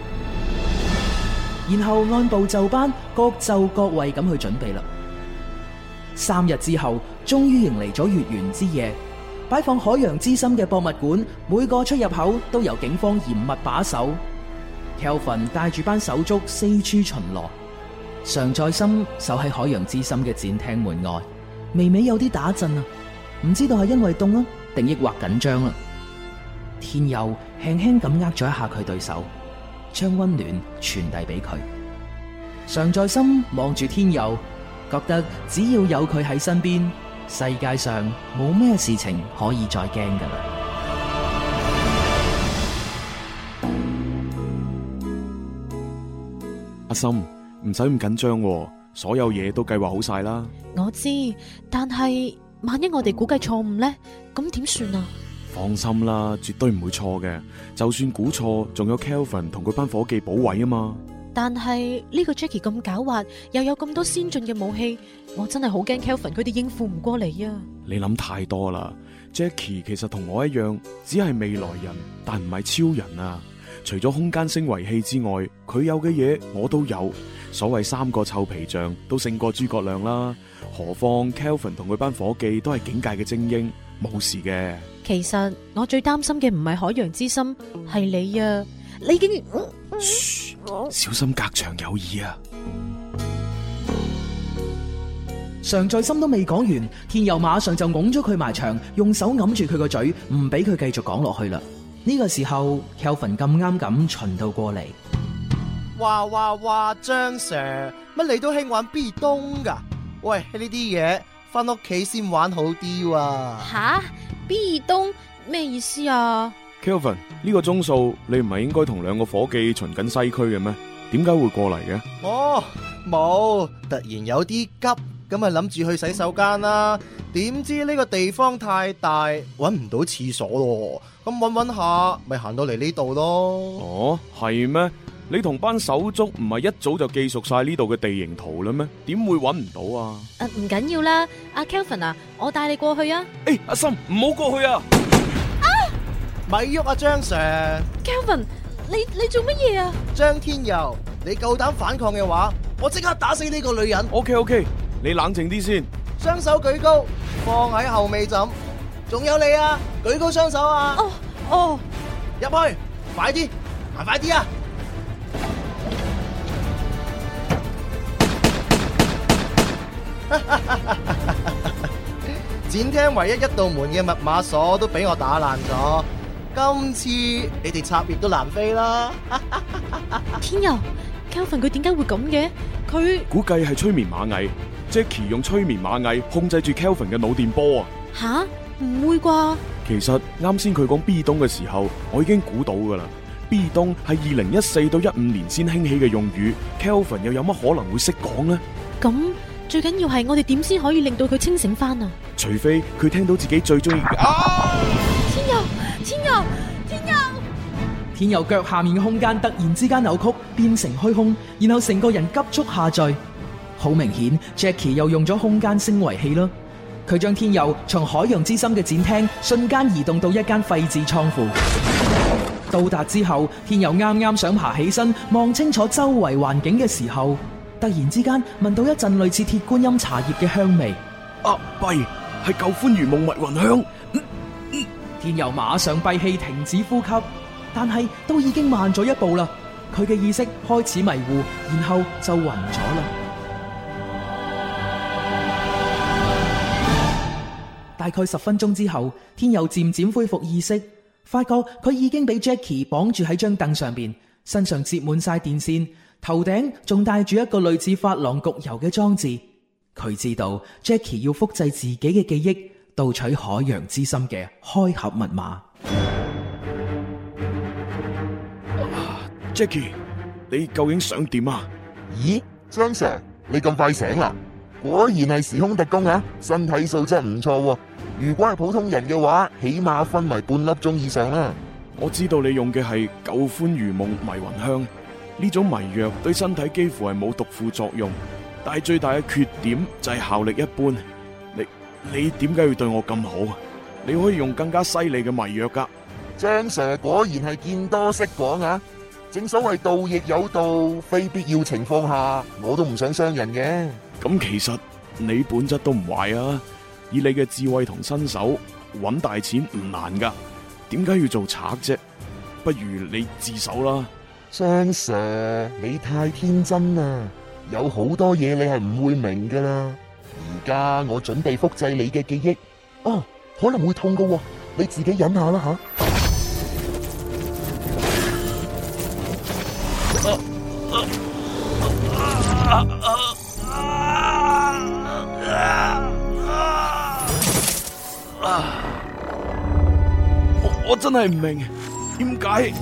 然後按部就班，各就各位咁去準備啦。三日之後，終於迎嚟咗月圓之夜，擺放海洋之心嘅博物館，每個出入口都由警方嚴密把守。Kelvin 帶住班手足四處巡邏。常在心守喺海洋之心嘅展廳門外，微微有啲打震啊，唔知道係因為凍啊，定抑或緊張啦。天佑輕輕咁握咗一下佢對手，將溫暖傳遞俾佢。常在心望住天佑，覺得只要有佢喺身邊，世界上冇咩事情可以再驚噶啦。阿心。唔使咁緊張，所有嘢都計劃好晒啦。我知，但係萬一我哋估計錯誤呢，咁點算啊？放心啦，絕對唔會錯嘅。就算估錯，仲有 Kelvin 同佢班伙計補位啊嘛。但係呢個 Jackie 咁狡猾，又有咁多先進嘅武器，我真係好驚 Kelvin 佢哋應付唔過嚟啊。你諗太多啦，Jackie 其實同我一樣，只係未來人，但唔係超人啊。除咗空間升維器之外，佢有嘅嘢我都有。所謂三個臭皮匠都勝過諸葛亮啦，何況 Kelvin 同佢班伙計都係警界嘅精英，冇事嘅。其實我最擔心嘅唔係海洋之心，係你啊！你竟然……噓，小心隔牆有耳啊！常在心都未講完，天佑馬上就拱咗佢埋牆，用手揞住佢個嘴，唔俾佢繼續講落去啦。呢個時候 Kelvin 咁啱咁巡到過嚟。話話話張 Sir 乜你都興玩 B 棟噶？喂，呢啲嘢翻屋企先玩好啲喎、啊。吓，B 棟咩意思啊？Kelvin 呢個鐘數你唔係應該同兩個伙計巡緊西區嘅咩？點解會過嚟嘅？哦，冇，突然有啲急，咁啊諗住去洗手間啦。點知呢個地方太大，搵唔到廁所咯。咁搵搵下，咪行到嚟呢度咯。哦，係咩？你同班手足唔係一早就記熟晒呢度嘅地形圖啦咩？點會揾唔到啊？唔緊要啦，阿 Kelvin 啊，我帶你過去啊！誒，阿森，唔好過去啊！啊！咪喐啊張 Sir！Kelvin，你你做乜嘢啊？張天佑，你夠膽反抗嘅話，我即刻打死呢個女人！OK OK，你冷靜啲先。雙手舉高，放喺後尾枕。仲有你啊，舉高雙手啊！哦哦，入去，快啲，行快啲啊！ 展廳唯一一道門嘅密碼鎖都俾我打爛咗，今次你哋插翼都難飛啦！ 天佑，Kelvin 佢點解會咁嘅？佢估計係催眠螞蟻，Jackie 用催眠螞蟻控制住 Kelvin 嘅腦電波啊！吓，唔會啩？其實啱先佢講 B 棟嘅時候，我已經估到噶啦。B 棟係二零一四到一五年先興起嘅用語，Kelvin 又有乜可能會識講呢？咁。最緊要係我哋點先可以令到佢清醒翻啊？除非佢聽到自己最中意嘅啊。天佑，天佑，天佑！天佑腳下面嘅空間突然之間扭曲，變成虛空，然後成個人急速下墜。好明顯，Jackie 又用咗空間升維器啦。佢將天佑從海洋之心嘅展廳瞬間移動到一間廢置倉庫。到達之後，天佑啱啱想爬起身，望清楚周圍環境嘅時候。突然之間聞到一陣類似鐵觀音茶葉嘅香味，啊，弊係舊歡如夢物雲香。嗯嗯、天佑馬上閉氣停止呼吸，但係都已經慢咗一步啦。佢嘅意識開始迷糊，然後就暈咗啦。大概十分鐘之後，天佑漸漸恢復意識，發覺佢已經俾 Jackie 綁住喺張凳上邊，身上接滿晒電線。頭頂仲帶住一個類似髮廊焗油嘅裝置，佢知道 Jackie 要複製自己嘅記憶，盜取海洋之心嘅開合密碼。啊，Jackie，你究竟想點啊？咦，張 Sir，你咁快醒啦？果然係時空特工啊！身體素質唔錯喎，啊。如果係普通人嘅話，起碼昏迷半粒鐘以上啦，啊。我知道你用嘅係舊歡如夢迷魂香。呢種迷藥對身體幾乎係冇毒副作用，但係最大嘅缺點就係效力一般。你你點解要對我咁好啊？你可以用更加犀利嘅迷藥噶。張 Sir 果然係見多識廣啊！正所謂盜亦有道，非必要情況下，我都唔想傷人嘅。咁其實你本質都唔壞啊！以你嘅智慧同身手，揾大錢唔難噶。點解要做賊啫？不如你自首啦！張 Sir，你太天真啦，有好多嘢你係唔會明噶啦。而家我準備複製你嘅記憶，哦，可能會痛噶，你自己忍下啦吓。啊啊啊啊啊啊啊啊！我我真係唔明。點解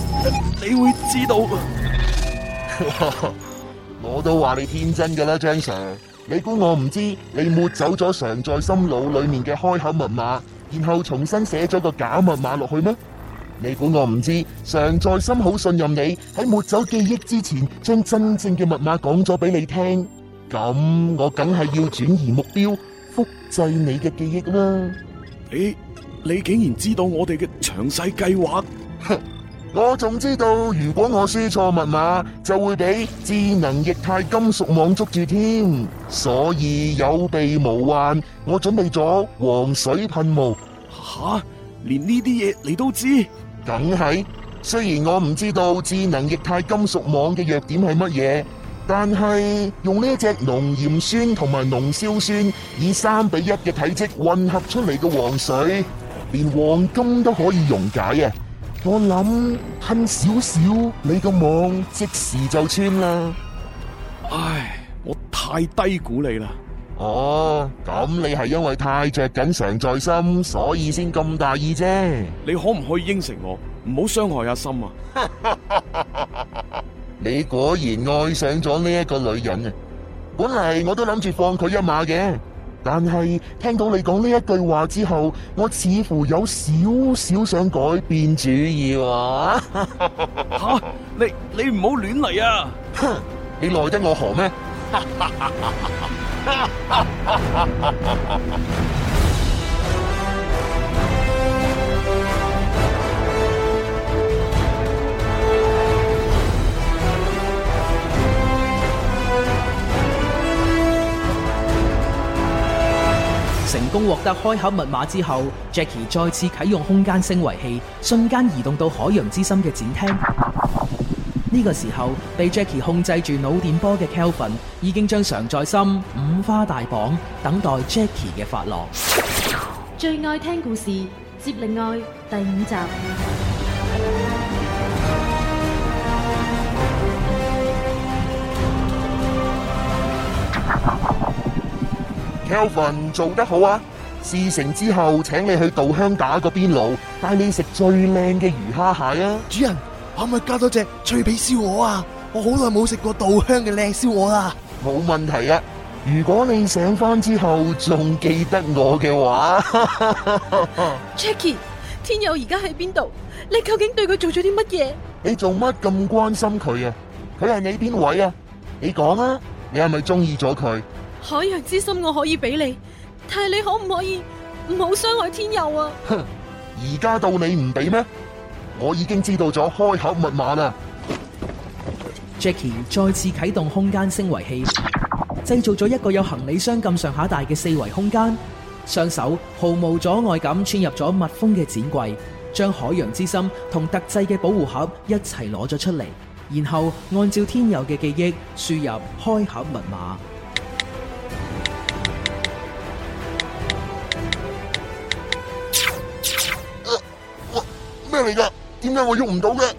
你會知道？ 我都話你天真噶啦，張 Sir。你估我唔知你抹走咗常在心腦裏面嘅開口密碼，然後重新寫咗個假密碼落去咩？你估我唔知常在心好信任你喺抹走記憶之前，將真正嘅密碼講咗俾你聽？咁我梗係要轉移目標，複製你嘅記憶啦！你你竟然知道我哋嘅詳細計劃？ 我仲知道，如果我輸錯密碼，就會俾智能液態金屬網捉住添。所以有備無患，我準備咗黃水噴霧。吓，連呢啲嘢你都知道？梗係。雖然我唔知道智能液態金屬網嘅弱點係乜嘢，但係用呢一隻濃鹽酸同埋濃硝酸以三比一嘅體積混合出嚟嘅黃水，連黃金都可以溶解啊！我諗吞少少，你個網即時就穿啦！唉，我太低估你啦！哦，咁你係因為太着緊常在心，所以先咁大意啫。你可唔可以應承我，唔好傷害阿心啊？ 你果然愛上咗呢一個女人啊！本嚟我都諗住放佢一馬嘅。但係聽到你講呢一句話之後，我似乎有少少想改變主意。哈， 你你唔好亂嚟！啊！哼， 你奈得我何咩？ 成功獲得開盒密碼之後，Jackie 再次啟用空間升維器，瞬間移動到海洋之心嘅展廳。呢 個時候，被 Jackie 控制住腦電波嘅 Kelvin 已經將常在心五花大綁，等待 Jackie 嘅發落。最愛聽故事，接力愛第五集。Kelvin 做得好啊！事成之後，請你去稻香打個邊爐，帶你食最靚嘅魚蝦蟹啊！主人，可唔可以加多隻脆皮燒鵝啊？我好耐冇食過稻香嘅靚燒鵝啦！冇問題啊！如果你醒翻之後仲記得我嘅話 ，Jackie，天佑而家喺邊度？你究竟對佢做咗啲乜嘢？你做乜咁關心佢啊？佢係你邊位啊？你講啊！你係咪中意咗佢？海洋之心我可以俾你，但係你可唔可以唔好傷害天佑啊？哼，而家到你唔俾咩？我已經知道咗開盒密碼啦。Jackie 再次啟動空間升維器，製造咗一個有行李箱咁上下大嘅四維空間。雙手毫無阻礙咁穿入咗密封嘅展櫃，將海洋之心同特製嘅保護盒一齊攞咗出嚟，然後按照天佑嘅記憶輸入開盒密碼。嚟，點解我喐唔到嘅？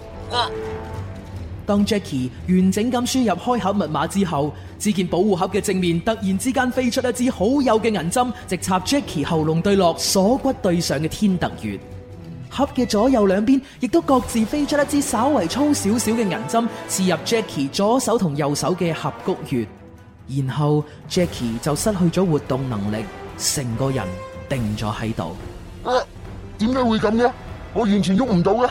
當 Jackie 完整咁輸入開口密碼之後，只見保護盒嘅正面突然之間飛出一支好幼嘅銀針，直插 Jackie 喉嚨對落鎖骨對上嘅天突穴。盒嘅左右兩邊亦都各自飛出一支稍為粗少少嘅銀針，刺入 Jackie 左手同右手嘅合谷穴。然後 Jackie 就失去咗活動能力，成個人定咗喺度。啊，點解會咁嘅？我完全喐唔到噶，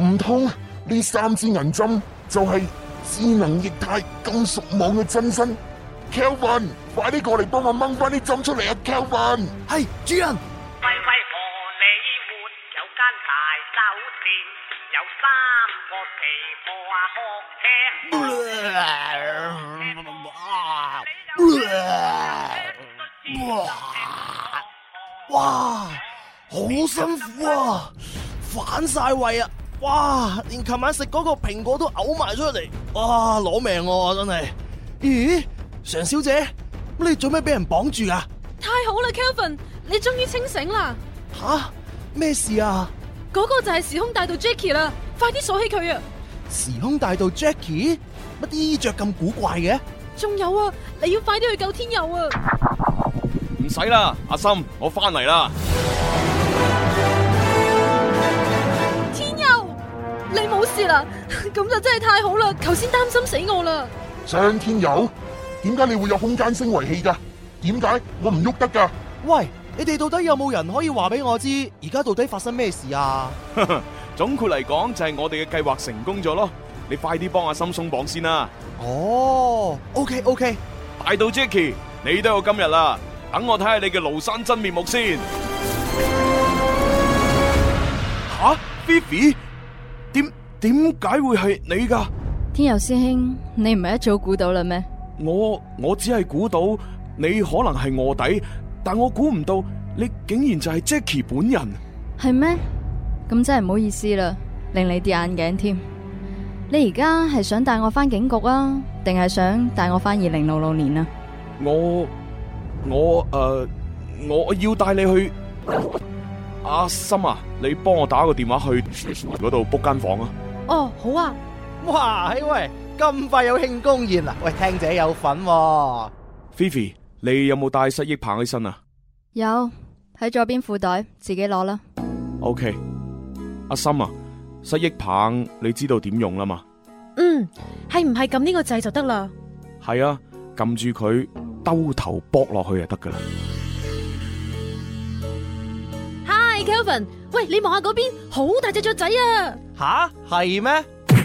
唔通呢三支銀針就係智能液態金屬網嘅真身？Kelvin，快啲過嚟幫我掹翻啲針出嚟啊！Kelvin，係主人。喂喂何你活有間大酒店，有三個皮破啊！哇，好辛苦啊！反晒胃啊！哇，連琴晚食嗰個蘋果都嘔埋出嚟！哇，攞命喎，啊，真係！咦，常小姐，咁你做咩俾人綁住啊？太好啦，Calvin，你終於清醒啦！吓，啊，咩事啊？嗰、嗰個就係時空大道 Jackie 啦，快啲鎖起佢啊！時空大道 Jackie，乜啲衣着咁古怪嘅？仲有啊，你要快啲去救天佑啊！唔使啦，阿心，我翻嚟啦。你冇事啦，咁 就真係太好啦！頭先擔心死我啦。張天佑，點解你會有空間升遺器噶？點解我唔喐得噶？喂，你哋到底有冇人可以話俾我知，而家到底發生咩事啊？ 總括嚟講就係、是、我哋嘅計劃成功咗咯。你快啲幫阿心鬆綁先啦。哦、oh,，OK OK，大盜 Jackie，你都有今日啦。等我睇下你嘅廬山真面目先。吓，Fifi？點點解會係你噶？天佑師兄，你唔係一早估到啦咩？我我只係估到你可能係臥底，但我估唔到你竟然就係 Jackie 本人。係咩？咁真係唔好意思啦，令你跌眼鏡添。你而家係想帶我翻警局啊，定係想帶我翻二零六六年啊？我我誒，我要帶你去。阿森啊，你幫我打個電話去住處嗰度 book 間房啊。哦，好啊。哇，哎喂，咁快有慶功宴啊！喂，聽者有份啊。Fifi，你有冇帶失憶棒喺身啊？有，喺左邊褲袋，自己攞啦。OK。阿森啊，失憶棒你知道點用啦嘛？嗯，係唔係撳呢個掣就得啦？係啊，撳住佢，兜頭搏落去就得噶啦。Kelvin、hey、喂，你望下嗰邊，好大隻雀仔啊！吓，係咩？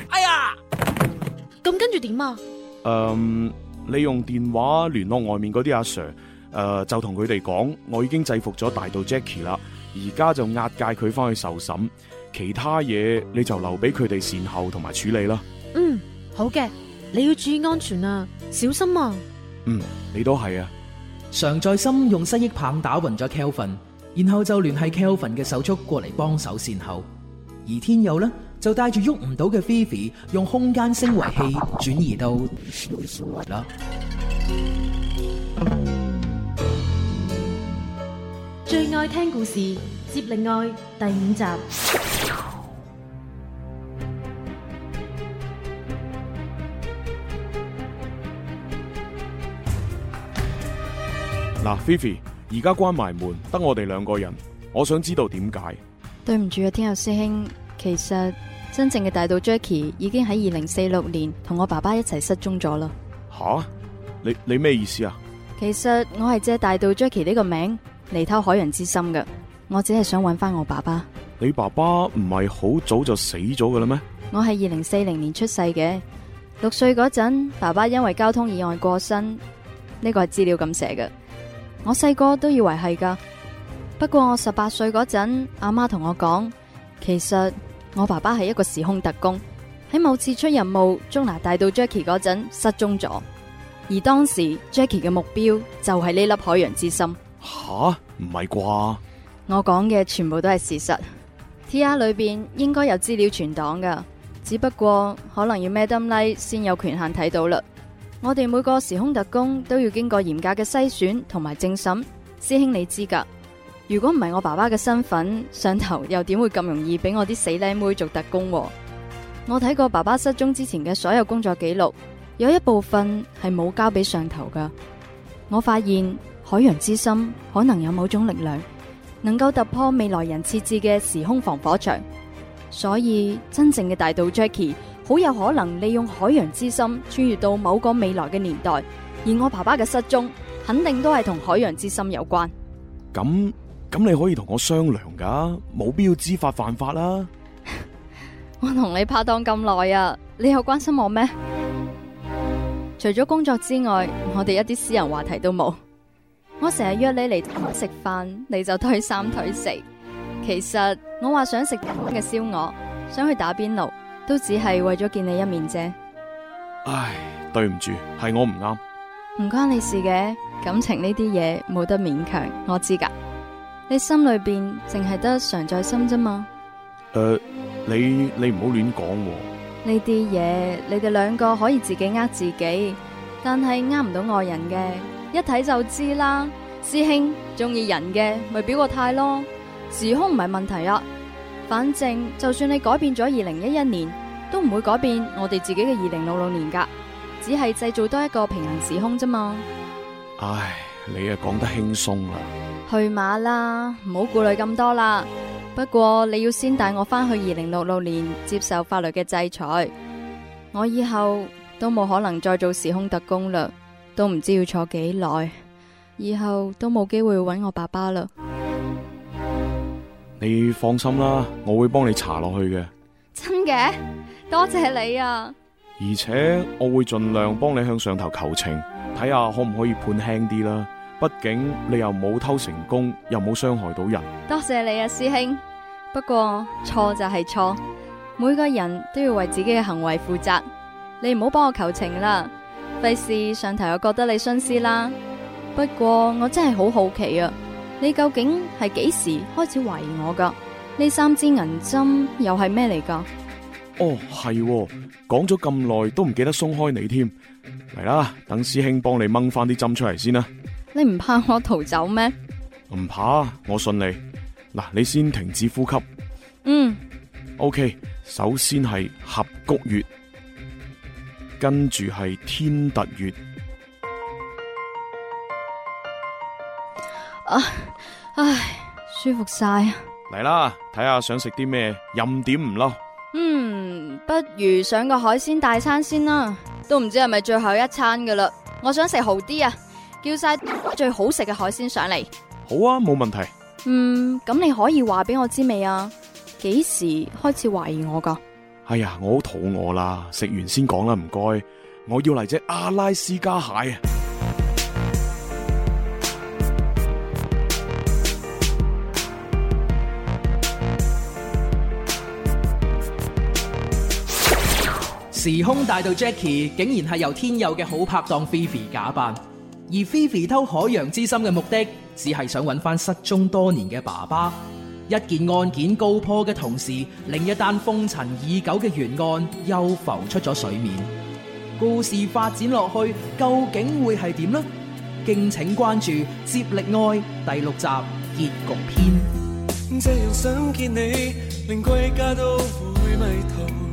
哎呀，咁跟住點啊？嗯、um，你用電話聯絡外面嗰啲阿 Sir，誒、uh，就同佢哋講，我已經制服咗大盜 Jackie 啦，而家就押解佢翻去受審，其他嘢你就留俾佢哋善後同埋處理啦。嗯、um，好嘅，你要注意安全啊，小心啊。嗯、um，你都係啊。常在心用失憶棒打暈咗 Kelvin。然後就聯繫 Kelvin 嘅手足過嚟幫手善後，而天佑呢就帶住喐唔到嘅 Vivi 用空間升維器轉移到啦。最愛聽故事接力愛第五集。嗱、啊，Vivi。而家關埋門，得我哋兩個人。我想知道點解？對唔住啊，天佑師兄，其實真正嘅大道 Jackie 已經喺二零四六年同我爸爸一齊失蹤咗啦。吓？你你咩意思啊？其實我係借大道 Jackie 呢個名嚟偷海洋之心嘅。我只係想揾翻我爸爸。你爸爸唔係好早就死咗㗎啦咩？我係二零四零年出世嘅，六歲嗰陣，爸爸因為交通意外過身。呢個係資料咁寫嘅。我細個都以為係噶不過我十八歲嗰陣，阿媽同我講，其實我爸爸係一個時空特工，喺某次出任務捉拿大盜 Jackie 嗰陣失蹤咗，而當時 Jackie 嘅目標就係呢粒海洋之心。吓，唔係啩？我講嘅全部都係事實。TR 裏邊應該有資料存檔噶，只不過可能要 Madam Li 先有權限睇到啦。我哋每個時空特工都要經過嚴格嘅篩選同埋政審，師兄你知噶。如果唔係我爸爸嘅身份，上頭又點會咁容易俾我啲死靚妹，妹做特工？我睇過爸爸失蹤之前嘅所有工作記錄，有一部分係冇交俾上頭噶。我發現海洋之心可能有某種力量，能夠突破未來人設置嘅時空防火牆，所以真正嘅大盜 Jackie，好有可能利用海洋之心穿越到某個未來嘅年代，而我爸爸嘅失蹤肯定都係同海洋之心有關。咁咁，你可以同我商量噶，冇必要知法犯法啦。 我同你拍檔咁耐啊，你有關心我咩？除咗工作之外，我哋一啲私人話題都冇。我成日約你嚟同我食飯，你就推三推四。其實我話想食日本嘅燒鵝，想去打邊爐。都只係為咗見你一面啫。唉，對唔住，係我唔啱。唔關你事嘅，感情呢啲嘢，冇得勉強，我知噶。你心裏邊淨係得常在心啫嘛。誒，呃，你你唔好亂講啊。呢啲嘢你哋兩個可以自己呃自己，但係呃唔到外人嘅，一睇就知啦。師兄，中意人嘅，咪表個態咯。時空唔係問題啊。反正就算你改變咗二零一一年，都唔會改變我哋自己嘅二零六六年噶，只係製造多一個平行時空啫嘛。唉，你啊講得輕鬆啦。去馬啦，唔好顧慮咁多啦。不過你要先帶我返去二零六六年接受法律嘅制裁，我以後都冇可能再做時空特工嘞，都唔知要坐幾耐，以後都冇機會揾我爸爸嘞。你放心啦，我會幫你查落去嘅。真嘅？多謝你啊！而且我會盡量幫你向上頭求情，睇下可唔可以判輕啲啦。畢竟你又冇偷成功，又冇傷害到人。多謝你啊，師兄。不過錯就係錯，每個人都要為自己嘅行為負責。你唔好幫我求情啦，費事上頭又覺得你徇私啦。不過我真係好好奇啊！你究竟係幾時開始懷疑我噶？呢三支銀針又係咩嚟噶？哦，係喎，講咗咁耐都唔記得鬆開你添。嚟啦，等師兄幫你掹翻啲針出嚟先啦。你唔怕我逃走咩？唔怕，我信你。嗱，你先停止呼吸。嗯。OK，首先係合谷穴，跟住係天突穴。唉，舒服晒啊！嚟啦，睇下想食啲咩，任點唔嬲。嗯，不如上個海鮮大餐先啦，都唔知係咪最後一餐噶啦。我想食好啲啊，叫晒最好食嘅海鮮上嚟。好啊，冇問題。嗯，咁你可以話俾我知未啊？幾時開始懷疑我噶？哎呀，我好肚餓啦，食完先講啦，唔該。我要嚟隻阿拉斯加蟹啊！時空大盜 Jackie 竟然係由天佑嘅好拍檔菲 i i 假扮，而菲 i i 偷海洋之心嘅目的，只係想揾翻失蹤多年嘅爸爸。一件案件告破嘅同時，另一單封塵已久嘅懸案又浮出咗水面。故事發展落去，究竟會係點呢？敬請關注《接力愛》第六集結局篇。這樣想見你，連歸家都會迷途。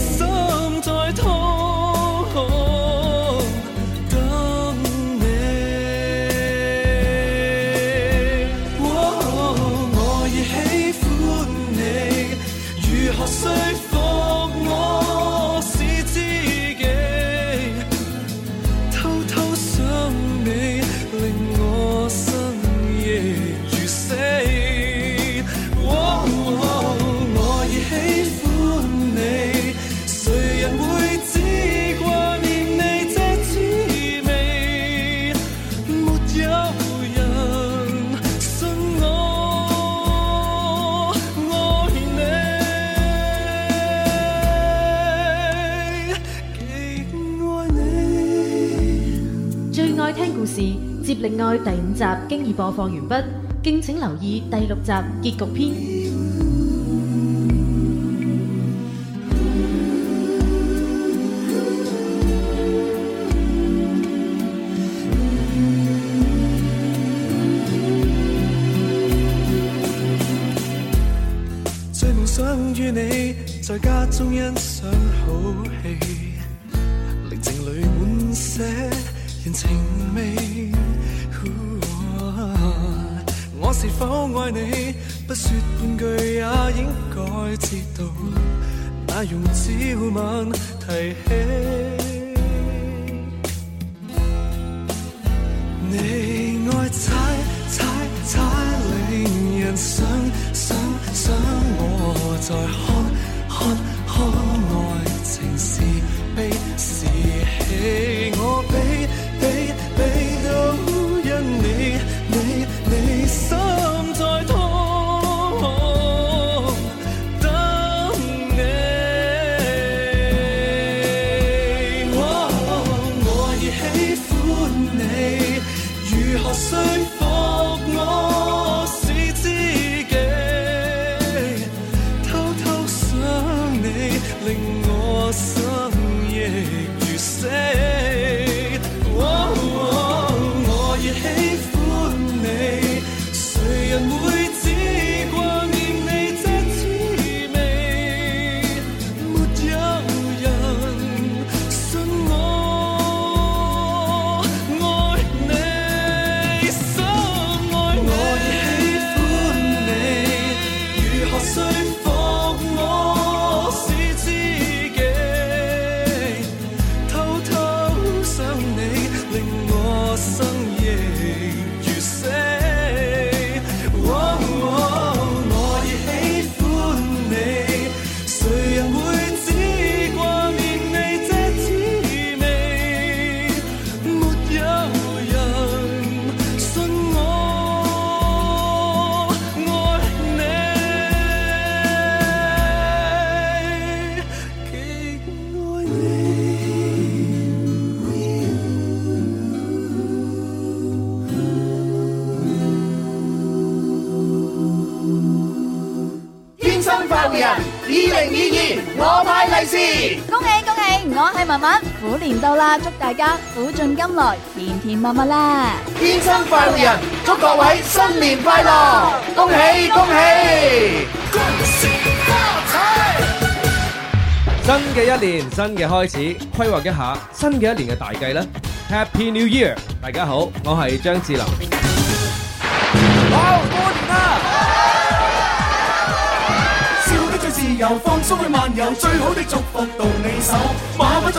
愛第五集經已播放完畢，敬請留意第六集結局篇。啦！祝大家苦盡甘來，甜甜蜜蜜啦！天生快樂人，祝各位新年快樂，恭喜恭喜，恭喜發財！新嘅一年，新嘅開始，規劃一下新嘅一年嘅大計咧。Happy New Year！大家好，我係張智霖。好，過年啦！笑得最自由，放鬆去漫遊，最好的祝福到你手。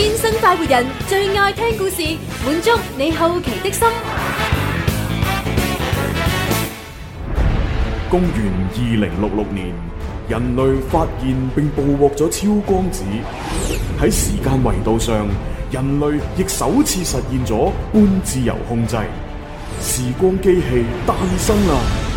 天生快活人，最愛聽故事，滿足你好奇的心。公元二零六六年，人類發現並捕獲咗超光子，喺時間維度上，人類亦首次實現咗半自由控制，時光機器誕生啦！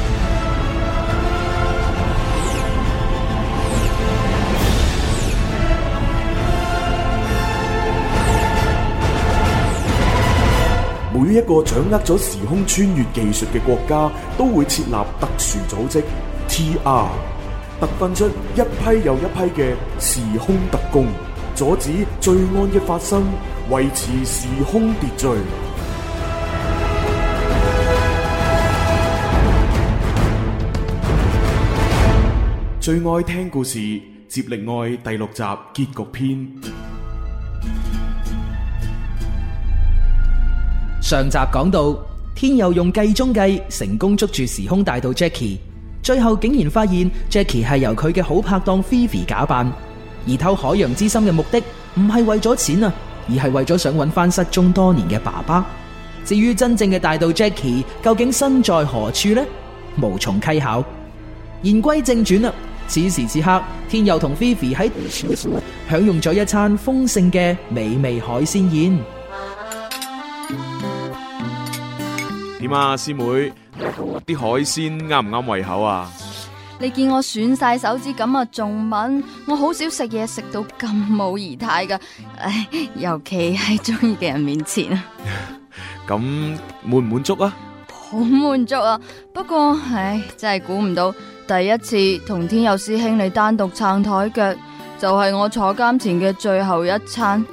每一個掌握咗時空穿越技術嘅國家，都會設立特殊組織 TR，特訓出一批又一批嘅時空特工，阻止罪案嘅發生，維持時空秩序。最愛聽故事，接力愛第六集結局篇。上集講到，天佑用計中計成功捉住時空大盜 Jackie，最後竟然發現 Jackie 係由佢嘅好拍檔 Fifi 假扮，而偷海洋之心嘅目的唔係為咗錢啊，而係為咗想揾翻失蹤多年嘅爸爸。至於真正嘅大盜 Jackie 究竟身在何處呢？無從稽考。言歸正傳啦，此時此刻，天佑同 Fifi 喺享用咗一餐豐盛嘅美味海鮮宴。點啊，師妹，啲海鮮啱唔啱胃口啊？你見我損晒手指咁啊，仲問？我好少食嘢食到咁冇儀態噶，尤其喺中意嘅人面前啊！咁滿唔滿足啊？好滿足啊！不過唉，真係估唔到，第一次同天佑師兄你單獨撐台腳，就係我坐監前嘅最後一餐。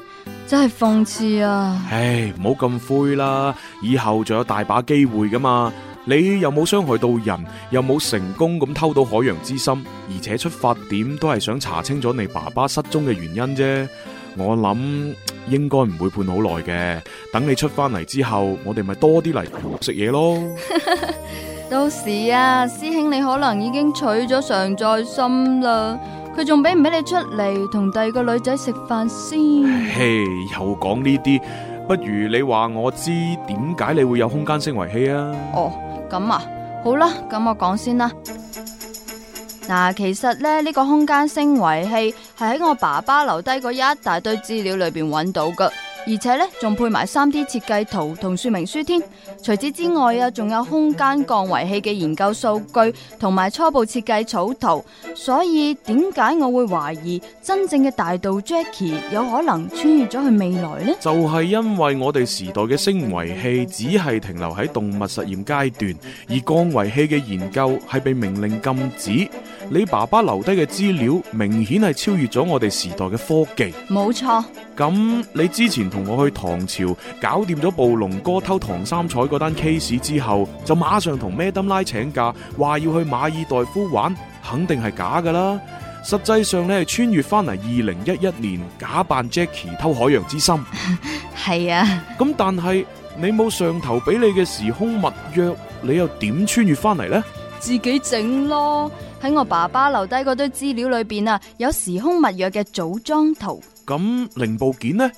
真係諷刺啊！唉，唔好咁灰啦，以後仲有大把機會噶嘛。你又冇傷害到人，又冇成功咁偷到海洋之心，而且出發點都係想查清楚你爸爸失蹤嘅原因啫。我諗應該唔會判好耐嘅。等你出翻嚟之後，我哋咪多啲嚟食嘢咯。 到時啊，師兄你可能已經娶咗常在心啦。佢仲俾唔俾你出嚟同第二個女仔食飯先？嘿，又講呢啲，不如你話我知點解你會有空間升維器啊？哦，咁啊，好啦，咁我講先啦。嗱，其實咧，呢個空間升維器係喺我爸爸留低嗰一大堆資料裏邊揾到噶。而且咧，仲配埋 3D 設計圖同說明書添。除此之外啊，仲有空間降維器嘅研究數據同埋初步設計草圖。所以點解我會懷疑真正嘅大道 Jackie 有可能穿越咗去未來呢？就係因為我哋時代嘅升維器只係停留喺動物實驗階段，而降維器嘅研究係被命令禁止。你爸爸留低嘅資料明顯係超越咗我哋時代嘅科技。冇錯。咁你之前同我去唐朝搞掂咗暴龍哥偷唐三彩嗰單 case 之後，就馬上同咩登拉請假，話要去馬爾代夫玩，肯定係假噶啦。實際上你係穿越翻嚟，二零一一年，假扮 Jackie 偷海洋之心。係 啊。咁但係你冇上頭俾你嘅時空密鑰，你又點穿越翻嚟呢？自己整咯，喺我爸爸留低嗰堆資料裏邊啊，有時空密鑰嘅組裝圖。咁零部件呢？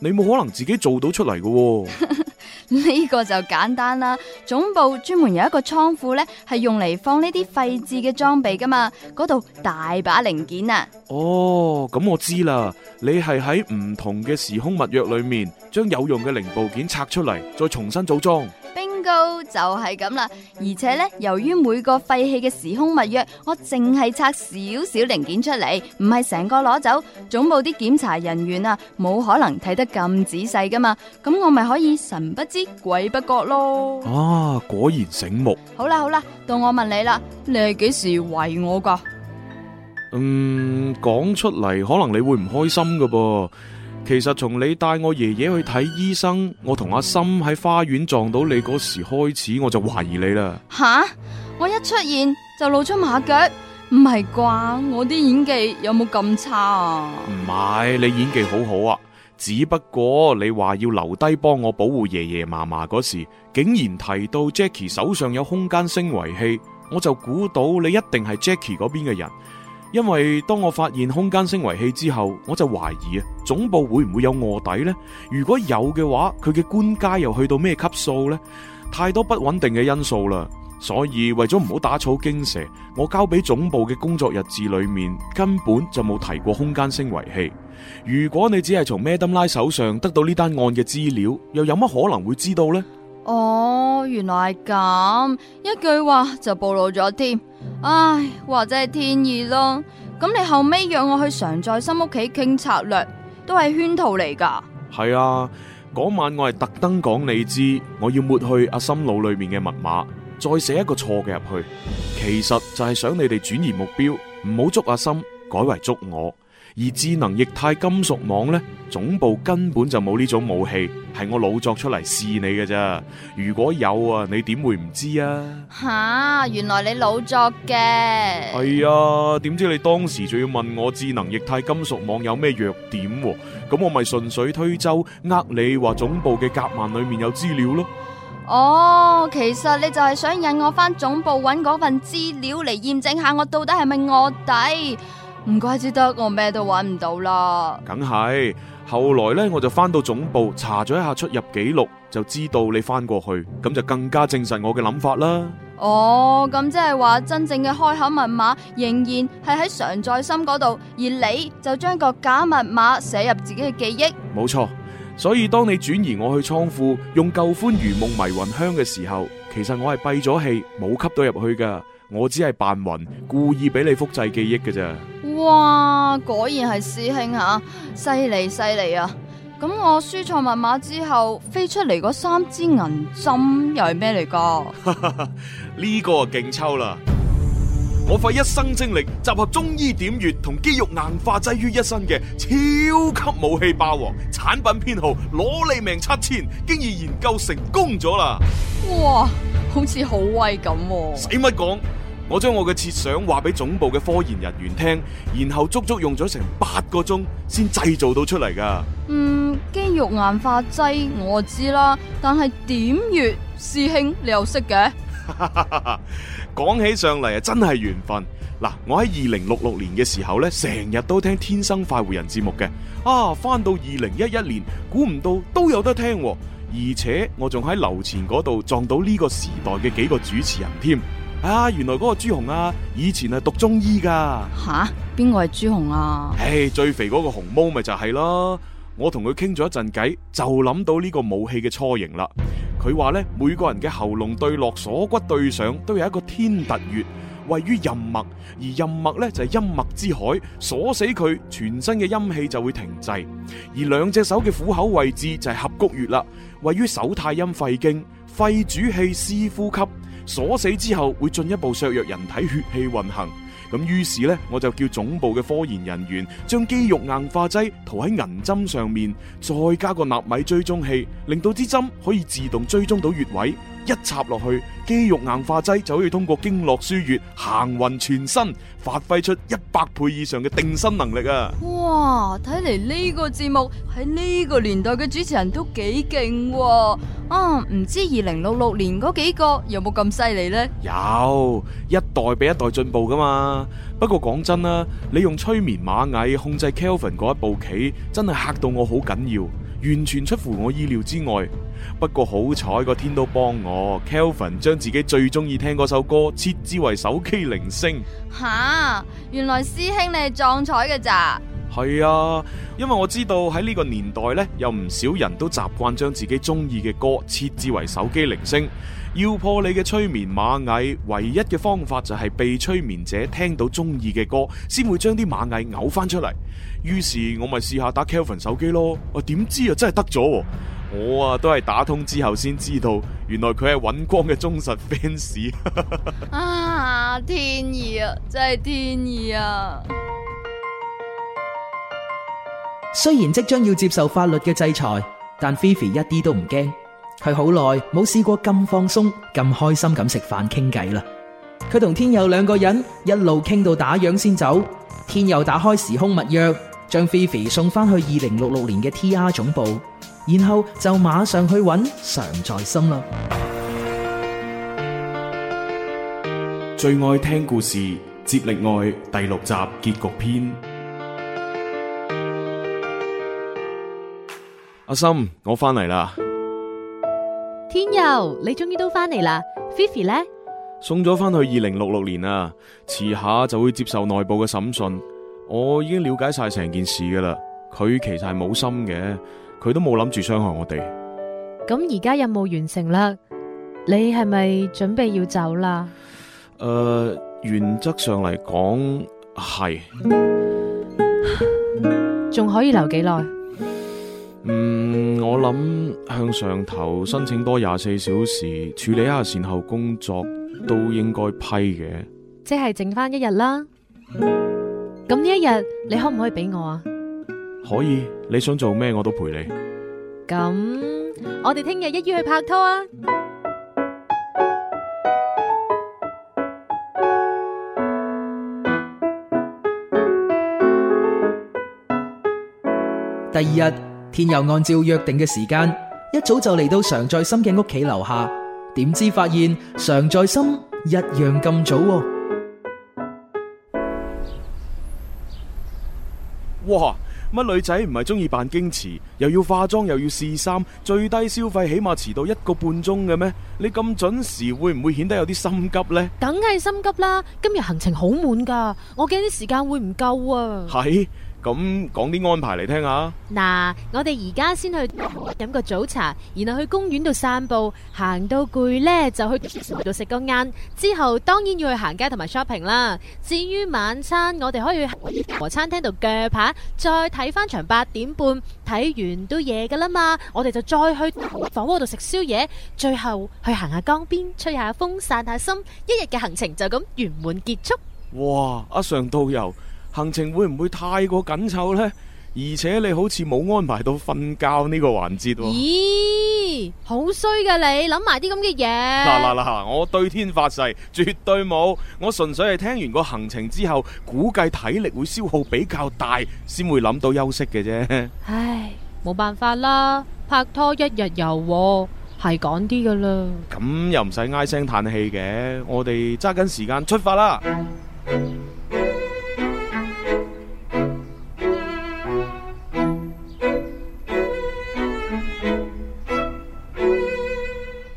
你冇可能自己做到出嚟㗎喎。呢、這個就簡單啦，總部專門有一個倉庫呢係用嚟放呢啲廢置嘅裝備噶嘛，嗰度大把零件啊！哦，咁我知啦，你係喺唔同嘅時空密鑰裏面，將有用嘅零部件拆出嚟，再重新組裝。bingo 就係咁啦，而且呢，由於每個廢棄嘅時空密鑰，我淨係拆少少零件出嚟，唔係成個攞走。總部啲檢查人員啊，冇可能睇得咁仔細噶嘛，咁我咪可以神。不知鬼不覺咯，啊，果然醒目。好啦好啦，到我問你啦，你係幾時懷疑我噶？嗯，講出嚟，可能你會唔開心噶噃。其實從你帶我爺爺去睇醫生，我同阿心喺花園撞到你嗰時開始，我就懷疑你啦。吓、啊，我一出現就露出馬腳，唔係啩？我啲演技有冇咁差啊？唔係，你演技好好啊。只不過你話要留低幫我保護爺爺嫲嫲嗰時，竟然提到 Jackie 手上有空間升維器，我就估到你一定係 Jackie 嗰邊嘅人。因為當我發現空間升維器之後，我就懷疑啊，總部會唔會有臥底呢？如果有嘅話，佢嘅官階又去到咩級數呢？太多不穩定嘅因素啦。所以為咗唔好打草驚蛇，我交俾總部嘅工作日誌裏面根本就冇提過空間升維器。如果你只係從咩登拉手上得到呢單案嘅資料，又有乜可能會知道呢？哦，原來係咁，一句話就暴露咗添。唉，或者係天意咯。咁你後尾讓我去常在心屋企傾策略，都係圈套嚟噶。係啊，嗰晚我係特登講你知，我要抹去阿心腦裏面嘅密碼。再寫一個錯嘅入去，其實就係想你哋轉移目標，唔好捉阿心，改為捉我。而智能液態金屬網呢，總部根本就冇呢種武器，係我老作出嚟試你嘅啫。如果有啊，你點會唔知啊？吓，原來你老作嘅係啊？點知你當時仲要問我智能液態金屬網有咩弱點？咁我咪順水推舟，呃你話總部嘅夾萬裏面有資料咯。哦，其實你就係想引我翻總部揾嗰份資料嚟驗證下我到底係咪臥底？唔怪之得我咩都揾唔到啦。梗係，後來呢，我就翻到總部查咗一下出入記錄，就知道你翻過去，咁就更加證實我嘅諗法啦。哦，咁即係話真正嘅開口密碼仍然係喺常在心嗰度，而你就將個假密碼寫入自己嘅記憶。冇錯。所以當你轉移我去倉庫，用舊歡如夢迷魂香嘅時候，其實我係閉咗氣冇吸到入去噶，我只係扮暈，故意俾你複製記憶嘅啫。哇，果然係師兄吓，犀利犀利啊！咁、啊、我輸錯密碼之後飛出嚟嗰三支銀針又係咩嚟噶？呢 個啊勁抽啦！我費一生精力集合中醫點穴同肌肉硬化劑於一身嘅超級武器霸王產品編號攞你命七千，經已研究成功咗啦！哇，好似好威咁喎！使乜講？我將我嘅設想話俾總部嘅科研人員聽，然後足足用咗成八個鐘先製造到出嚟噶。嗯，肌肉硬化劑我知啦，但係點穴，師兄你又識嘅？講 起上嚟啊，真係緣分嗱！我喺二零六六年嘅時候呢，成日都聽《天生快活人》節目嘅啊，翻到二零一一年，估唔到都有得聽，而且我仲喺樓前嗰度撞到呢個時代嘅幾個主持人添啊！原來嗰個朱紅啊，以前係讀中醫㗎。吓？邊個係朱紅啊？唉，啊，最肥嗰個熊貓咪就係咯。我同佢傾咗一陣偈，就諗到呢個武器嘅雛形啦。佢話呢，每個人嘅喉嚨對落鎖骨對上，都有一個天突穴，位於任脈，而任脈呢，就係陰脈之海，鎖死佢全身嘅陰氣就會停滯。而兩隻手嘅虎口位置就係合谷穴啦，位於手太陰肺經，肺主氣，司呼吸，鎖死之後會進一步削弱人體血氣運行。咁於是咧，我就叫總部嘅科研人員將肌肉硬化劑塗喺銀針上面，再加個納米追蹤器，令到支針可以自動追蹤到穴位。一插落去，肌肉硬化劑就可以通過經絡輸血行運全身，發揮出一百倍以上嘅定身能力啊！哇，睇嚟呢個節目喺呢個年代嘅主持人都幾勁喎！啊，唔、嗯、知二零六六年嗰幾個有冇咁犀利呢？有，一代比一代進步噶嘛。不過講真啦，你用催眠螞蟻控制 Kelvin 嗰一步棋，真係嚇到我好緊要。完全出乎我意料之外，不過好彩個天都幫我，Kelvin 將自己最中意聽嗰首歌設置為手機鈴聲。吓，原來師兄你係撞彩嘅咋？係啊，因為我知道喺呢個年代呢，有唔少人都習慣將自己中意嘅歌設置為手機鈴聲。要破你嘅催眠螞蟻，唯一嘅方法就係被催眠者聽到中意嘅歌，先會將啲螞蟻嘔翻出嚟。於是我咪試下打 Kelvin 手機咯，我、啊、點知啊真係得咗，我啊都係打通之後先知道，原來佢係尹光嘅忠實 fans。 啊，天意啊，真係天意啊！雖然即將要接受法律嘅制裁，但 Fifi 一啲都唔驚，佢好耐冇試過咁放鬆、咁開心咁食飯傾偈啦。佢同天佑兩個人一路傾到打烊先走。天佑打開時空密約，將菲菲送翻去二零六六年嘅 TR 總部，然後就馬上去揾常在心啦。最愛聽故事接力愛第六集結局篇。阿心，我翻嚟啦。天佑，你終於都翻嚟啦。菲菲呢？送咗翻去二零六六年啊，遲下就會接受內部嘅審訊。我已經了解晒成件事噶啦。佢其實係冇心嘅，佢都冇諗住傷害我哋。咁而家任務完成啦，你係咪準備要走啦？誒、呃，原則上嚟講係，仲可以留幾耐？嗯，我諗向上頭申請多廿四小時處理一下善後工作。都應該批嘅，即係剩翻一日啦。咁呢一日你可唔可以俾我啊？可以，你想做咩我都陪你。咁，我哋聽日一於去拍拖啊！第二日，天佑按照約定嘅時間，一早就嚟到常在心嘅屋企樓下。點知發現常在心一樣咁早啊？哇！乜女仔唔係中意扮矜持，又要化妝又要試衫，最低消費起碼遲到一個半鐘嘅咩？你咁準時會唔會顯得有啲心急呢？梗係心急啦！今日行程好滿噶，我驚啲時間會唔夠啊！係。咁講啲安排嚟聽下。嗱，我哋而家先去飲個早茶，然後去公園度散步，行到攰呢，就去食個晏。之後當然要去行街同埋 shopping 啦。至於晚餐，我哋可以喺和餐廳度鋸扒，再睇翻場八點半。睇完都夜噶啦嘛，我哋就再去火鍋度食宵夜，最後去行下江邊，吹下風，散下心。一日嘅行程就咁圓滿結束。哇！阿、啊、上導遊。行程會唔會太過緊湊呢？而且你好似冇安排到瞓覺呢個環節喎。咦，好衰㗎，你諗埋啲咁嘅嘢。嗱嗱嗱，我對天發誓，絕對冇。我純粹係聽完個行程之後，估計體力會消耗比較大，先會諗到休息嘅啫。唉，冇辦法啦，拍拖一日遊係趕啲噶啦。咁又唔使唉聲嘆氣嘅，我哋揸緊時間出發啦。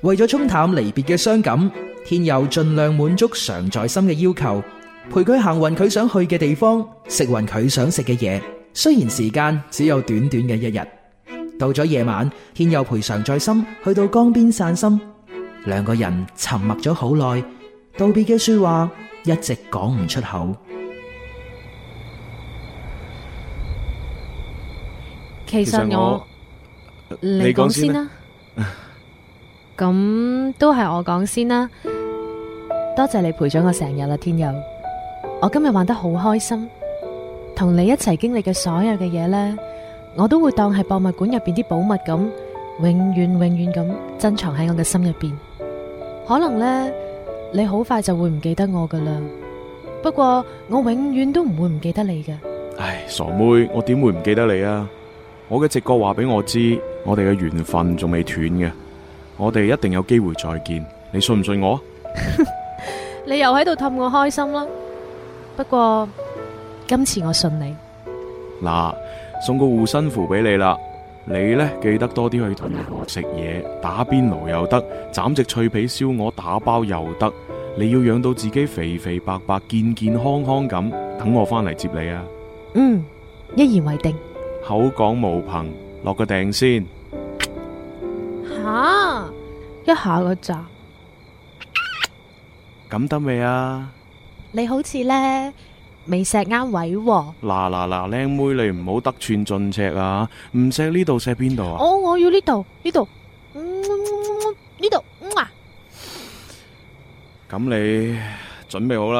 為咗沖淡離別嘅傷感，天佑盡量滿足常在心嘅要求，陪佢行運佢想去嘅地方，食勻佢想食嘅嘢。雖然時間只有短短嘅一日，到咗夜晚，天佑陪常在心去到江邊散心。兩個人沉默咗好耐，道別嘅說話一直講唔出口。其實我你講先啦。咁都係我講先啦，多謝你陪咗我成日啦，天佑，我今日玩得好開心，同你一齊經歷嘅所有嘅嘢呢，我都會當係博物館入邊啲寶物咁，永遠永遠咁珍藏喺我嘅心入邊。可能呢，你好快就會唔記得我噶啦，不過我永遠都唔會唔記得你嘅。唉，傻妹，我點會唔記得你啊？我嘅直覺話俾我知，我哋嘅緣分仲未斷嘅。我哋一定有機會再見，你信唔信我？ 你又喺度氹我開心啦。不過今次我信你。嗱，送個護身符俾你啦。你呢，記得多啲去同我食嘢，打邊爐又得，斬隻脆皮燒鵝打包又得。你要養到自己肥肥白白、健健康康咁，等我翻嚟接你啊！嗯，一言為定。口講無憑，落個訂先。啊！一下個咋，咁得未啊？你好似咧未錫啱位喎。嗱嗱嗱，靚妹你唔好得寸進尺啊！唔錫呢度錫邊度啊？哦，我要呢度呢度，呢度。咁你準備好啦。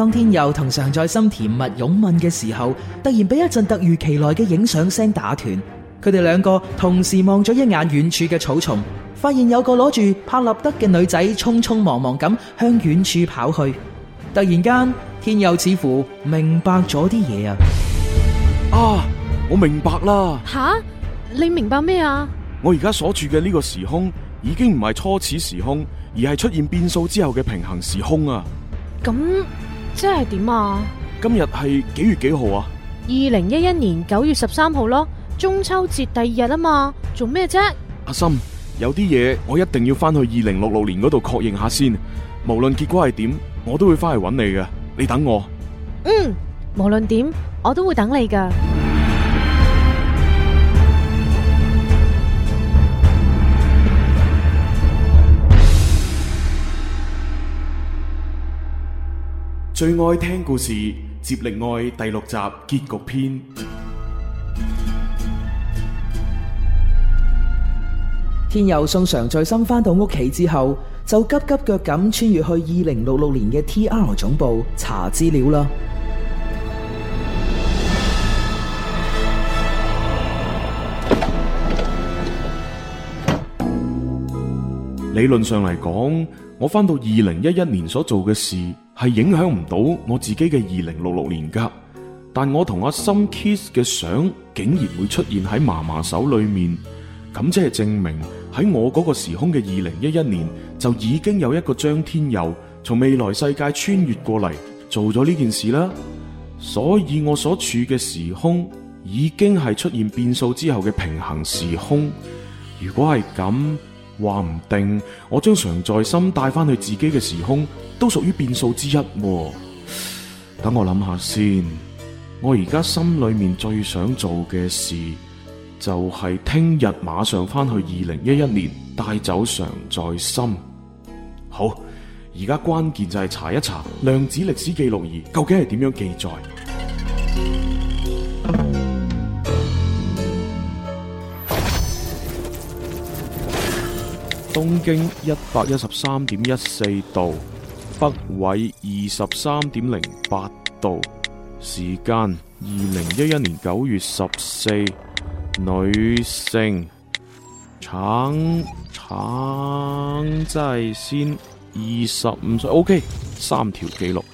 當天佑同常在心甜蜜擁吻嘅時候，突然俾一陣突如其來嘅影相聲打斷。佢哋兩個同時望咗一眼遠處嘅草叢，發現有個攞住拍立得嘅女仔匆匆忙忙咁向遠處跑去。突然間，天佑似乎明白咗啲嘢啊！啊，我明白啦！吓，你明白咩啊？我而家所住嘅呢個時空已經唔係初始時空，而係出現變數之後嘅平衡時空啊！咁。即係點啊？今日係幾月幾號啊？二零一一年九月十三號咯，中秋節第二日啊嘛，做咩啫？阿心，有啲嘢我一定要翻去二零六六年嗰度確認下先，無論結果係點，我都會翻嚟揾你噶，你等我。嗯，無論點，我都會等你噶。最愛聽故事接力愛第六集結局篇。天佑送常在心翻到屋企之後，就急急腳咁穿越去二零六六年嘅 TR 總部查資料啦。理論上嚟講，我翻到二零一一年所做嘅事。係影響唔到我自己嘅二零六六年噶，但我同阿森 kiss 嘅相竟然會出現喺嫲嫲手裏面，咁即係證明喺我嗰個時空嘅二零一一年就已經有一個張天佑從未來世界穿越過嚟做咗呢件事啦，所以我所處嘅時空已經係出現變數之後嘅平行時空，如果係咁。話唔定我將常在心帶翻去自己嘅時空，都屬於變數之一啊。等我諗下先，我而家心裏面最想做嘅事，就係聽日馬上翻去二零一一年，帶走常在心。好，而家關鍵就係查一查量子歷史記錄儀，究竟係點樣記載。東經一百一十三點一四度，北緯二十三點零八度，時間二零一一年九月十四，女性，橙橙劑先二十五歲，OK，三條記錄，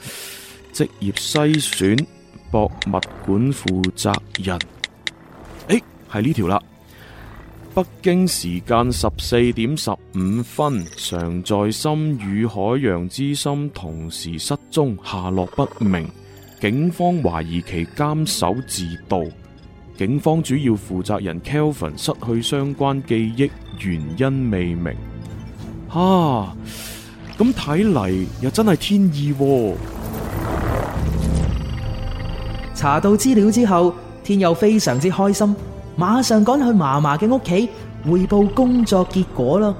職業篩選博物館負責人，哎、欸，係呢條啦。北京時間十四點十五分，常在心與海洋之心同時失蹤，下落不明。警方懷疑其監守自盜。警方主要負責人 Kelvin 失去相關記憶，原因未明。哈，啊，咁睇嚟又真係天意啊。查到資料之後，天佑非常之開心。馬上趕去嫲嫲嘅屋企匯報工作結果啦！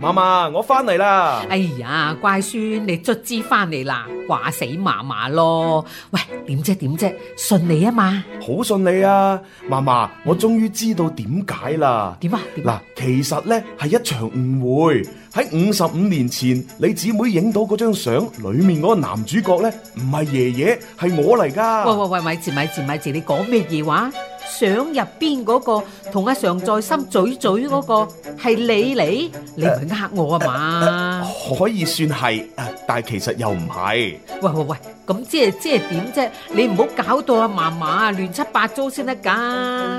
嫲嫲，我翻嚟啦！哎呀，乖孫，你卒之翻嚟啦，掛死嫲嫲咯！喂，點啫點啫，順利啊嘛！好順利啊，嫲嫲，我終於知道點解啦！點啊？嗱，其實咧係一場誤會，喺五十五年前，你姊妹影到嗰張相，裏面嗰個男主角咧唔係爺爺，係我嚟噶！喂喂喂喂，咪住咪住咪住，你講咩嘢話？相入邊嗰個同阿常在心嘴嘴嗰個係你嚟，你唔係呃我啊嘛？可以算係，但係其實又唔係。喂喂喂，咁即係即係點啫？你唔好搞到阿嫲嫲啊，亂七八糟先得㗎。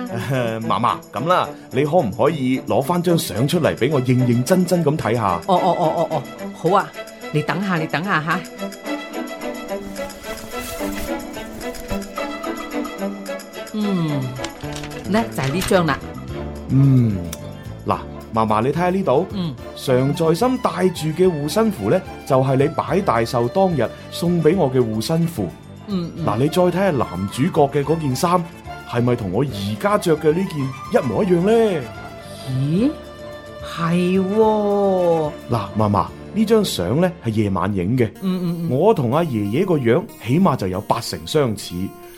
嫲嫲，咁啦，你可唔可以攞返張相出嚟畀我認認真真咁睇下？哦哦哦哦哦，好啊，你等下，你等下吓。咧就係、是、呢張啦，嗯，嗱，嫲嫲你睇下呢度，嗯，常在心戴住嘅護身符咧，就係、是、你擺大壽當日送俾我嘅護身符，嗯，嗱、嗯，你再睇下男主角嘅嗰件衫，係咪同我而家着嘅呢件一模一樣咧？咦，係、哦，嗱，嫲嫲呢張相咧係夜晚影嘅，嗯嗯，我同阿爺爺個樣起碼就有八成相似。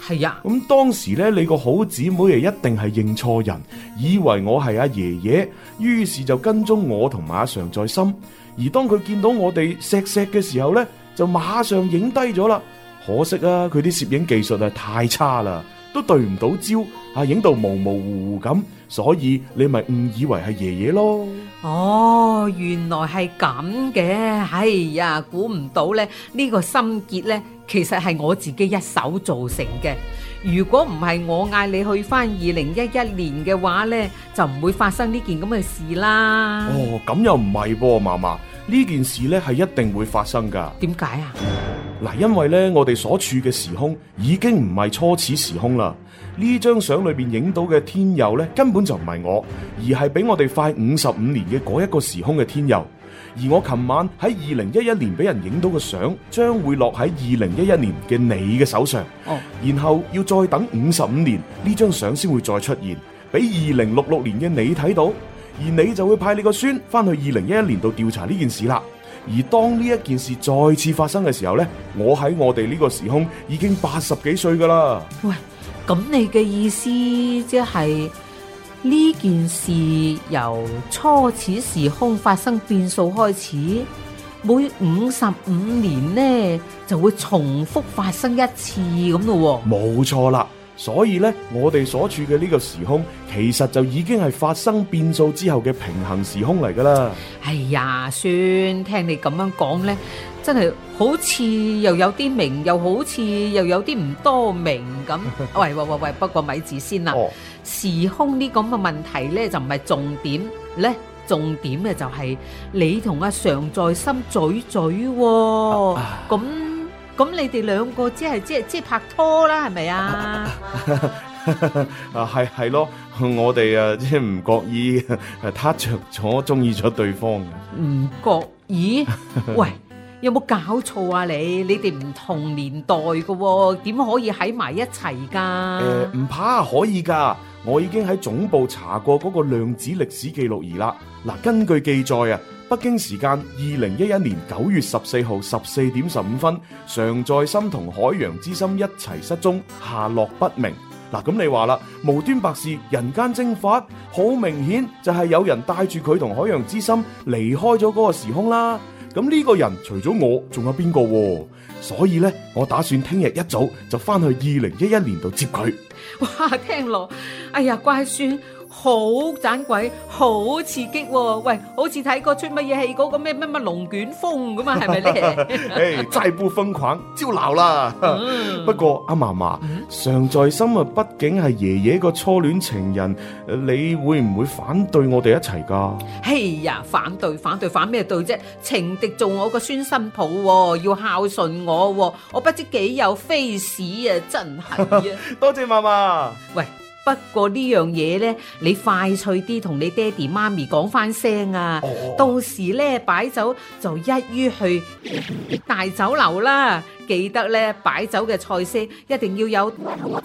係啊，咁當時咧，你個好姊妹啊，一定係認錯人，以為我係阿爺爺，於是就跟蹤我同馬常在心。而當佢見到我哋錫錫嘅時候咧，就馬上影低咗啦。可惜啊，佢啲攝影技術啊太差啦，都對唔到焦啊，影到模模糊糊咁，所以你咪誤以為係爺爺咯。哦，原來係咁嘅，哎呀，估唔到咧，呢個心結咧。其實係我自己一手造成嘅。如果唔係我嗌你去翻二零一一年嘅話呢，就唔會發生呢件咁嘅事啦。哦，咁又唔係喎，嫲嫲。呢件事呢，係一定會發生噶。點解啊？嗱，因為呢，我哋所處嘅時空已經唔係初始時空啦。呢張相裏邊影到嘅天佑呢，根本就唔係我，而係比我哋快五十五年嘅嗰一個時空嘅天佑。而我琴晚喺二零一一年俾人影到嘅相，將會落喺二零一一年嘅你嘅手上。哦，然後要再等五十五年，呢張相先會再出現，俾二零六六年嘅你睇到，而你就會派你個孫翻去二零一一年度調查呢件事啦。而當呢一件事再次發生嘅時候呢，我喺我哋呢個時空已經八十幾歲噶啦。喂，咁你嘅意思即係……呢件事由初始時空發生變數開始，每五十五年呢就會重複發生一次咁咯。冇錯啦，所以呢，我哋所處嘅呢個時空其實就已經係發生變數之後嘅平行時空嚟噶啦。哎呀，算聽你咁樣講呢。真係好似又有啲明，又好似又有啲唔多明咁。 喂喂喂喂，不過咪字先啦，啊。哦，時空呢咁嘅問題咧就唔係重點咧，重點嘅就係你同阿常在心嘴嘴喎，啊。咁 咁，你哋兩個即係即係即係拍拖啦，係咪啊？啊， 係係咯，我哋啊即係唔覺意，誒 他着咗中意咗對方唔 覺意，喂。有冇搞錯啊？你你哋唔同年代嘅，點可以喺埋一齊噶？誒、呃，唔怕可以噶，我已經喺總部查過嗰個量子歷史記錄儀啦。嗱，根據記載啊，北京時間二零一一年九月十四號十四點十五分，常在心同海洋之心一齊失蹤，下落不明。嗱，咁你話啦，無端白事，人間蒸發，好明顯就係有人帶住佢同海洋之心離開咗嗰個時空啦。咁呢個人除咗我仲有邊個？所以咧，我打算聽日一早就翻去二零一一年度接佢。哇！聽落，哎呀，乖孫。好盞鬼，好刺激喎！哦！喂，好似睇過出乜嘢戲？嗰個咩咩咩龍捲風咁啊？係咪咧？哎 ，hey,，再不瘋狂就老啦！ 不過阿嫲嫲，常 在心啊，畢竟係爺爺個初戀情人，你會唔會反對我哋一齊噶？嘿呀，反對，反對，反咩對啫？情敵做我個孫新抱，要孝順我，哦，我不知幾有飛士啊！真係啊， 多謝嫲嫲。喂。不過呢樣嘢呢，你快脆啲同你爹哋媽咪講返聲啊、哦！到時呢，擺酒就一於去大酒樓啦。記得咧，擺酒嘅菜式一定要有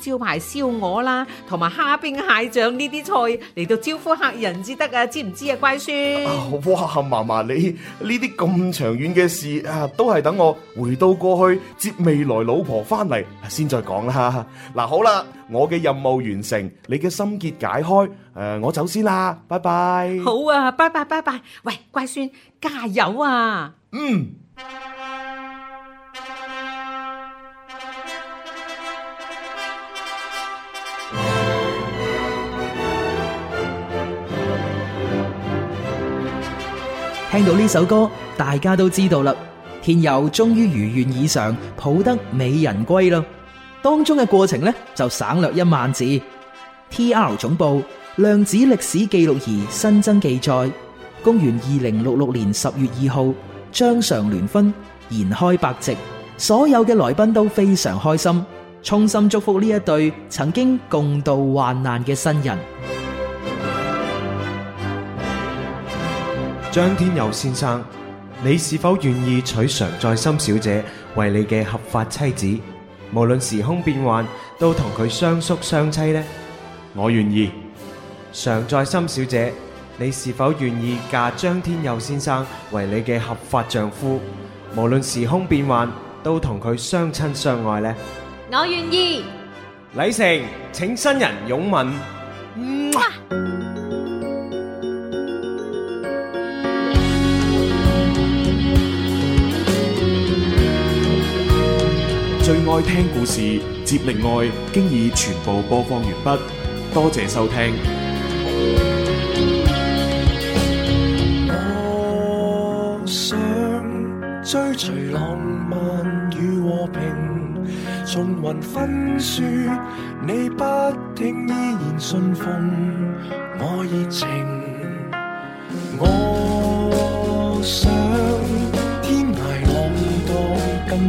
招牌燒鵝啦，同埋蝦兵蟹將呢啲菜嚟，到招呼客人至得啊！知唔知啊，乖孫？哇，嫲嫲你呢啲咁長遠嘅事啊，都係等我回到過去接未來老婆翻嚟先再講啦。嗱，好啦，我嘅任務完成，你嘅心結解開，誒，我走先啦，拜拜。好啊，拜拜拜拜。喂，乖孫，加油啊！嗯。聽到呢首歌，大家都知道啦。天佑終於如願以償，抱得美人歸啦。當中嘅過程咧，就省略一萬字。TR 總部量子歷史記錄儀新增記載：公元二零六六年十月二號，張常聯婚，筵開百席，所有嘅來賓都非常開心，衷心祝福呢一對曾經共度患難嘅新人。張天佑先生，你是否願意娶常在心小姐為你嘅合法妻子？無論時空變幻，都同佢相宿相妻呢？我願意。常在心小姐，你是否願意嫁張天佑先生為你嘅合法丈夫？無論時空變幻，都同佢相親相愛呢？我願意。禮成，請新人擁吻。最愛聽故事接力愛，經已全部播放完畢，多謝收聽。我想追隨浪漫與和平，眾雲分說你不聽，依然信奉我熱情。我想。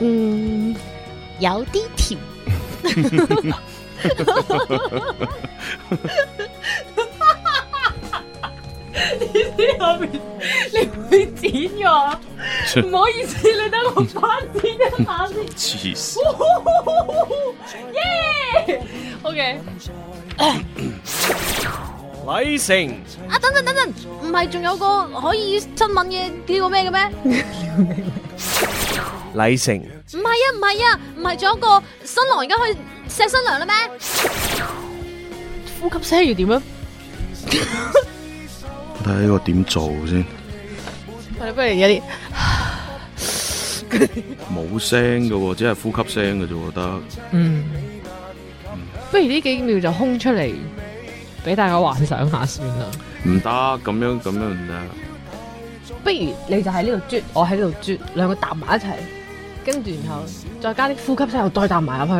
嗯，有啲甜。哈哈哈哈你知我明？你俾錢我，唔好意思，你等我翻錢一下先、 哦。耶，OK。禮成啊，等等等等，唔係仲有個可以親吻嘅叫個咩嘅咩？ 禮成？唔係啊，唔係啊，唔係，仲有一個新郎而家去錫新娘啦咩？呼吸聲要點樣？睇下呢個點做先。我哋，不如有啲冇聲嘅，只係呼吸聲嘅啫，我覺得。嗯，不如呢幾秒就空出嚟，俾大家幻想下算啦。唔得，咁樣咁樣唔得。不如你就喺呢度啜，我喺呢度啜，兩個搭埋一齊。跟住，然後再加啲呼吸聲，又再彈埋入去。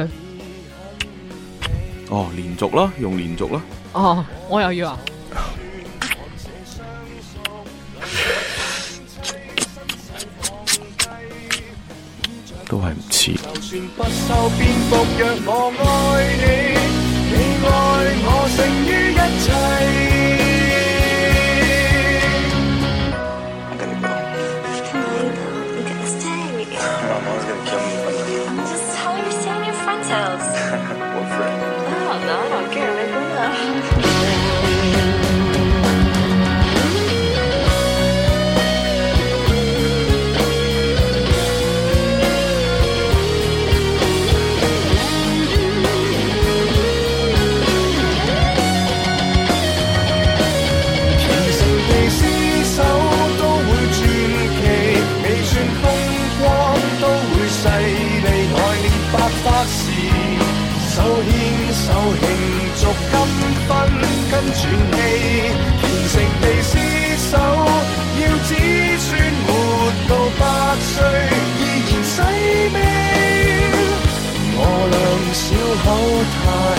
哦，連續咯，用連續咯。哦，我又要啊！ 都係唔似。 續金婚跟傳奇，虔誠地廝守，要子孫活到百歲，依然細味。我倆小口嘆。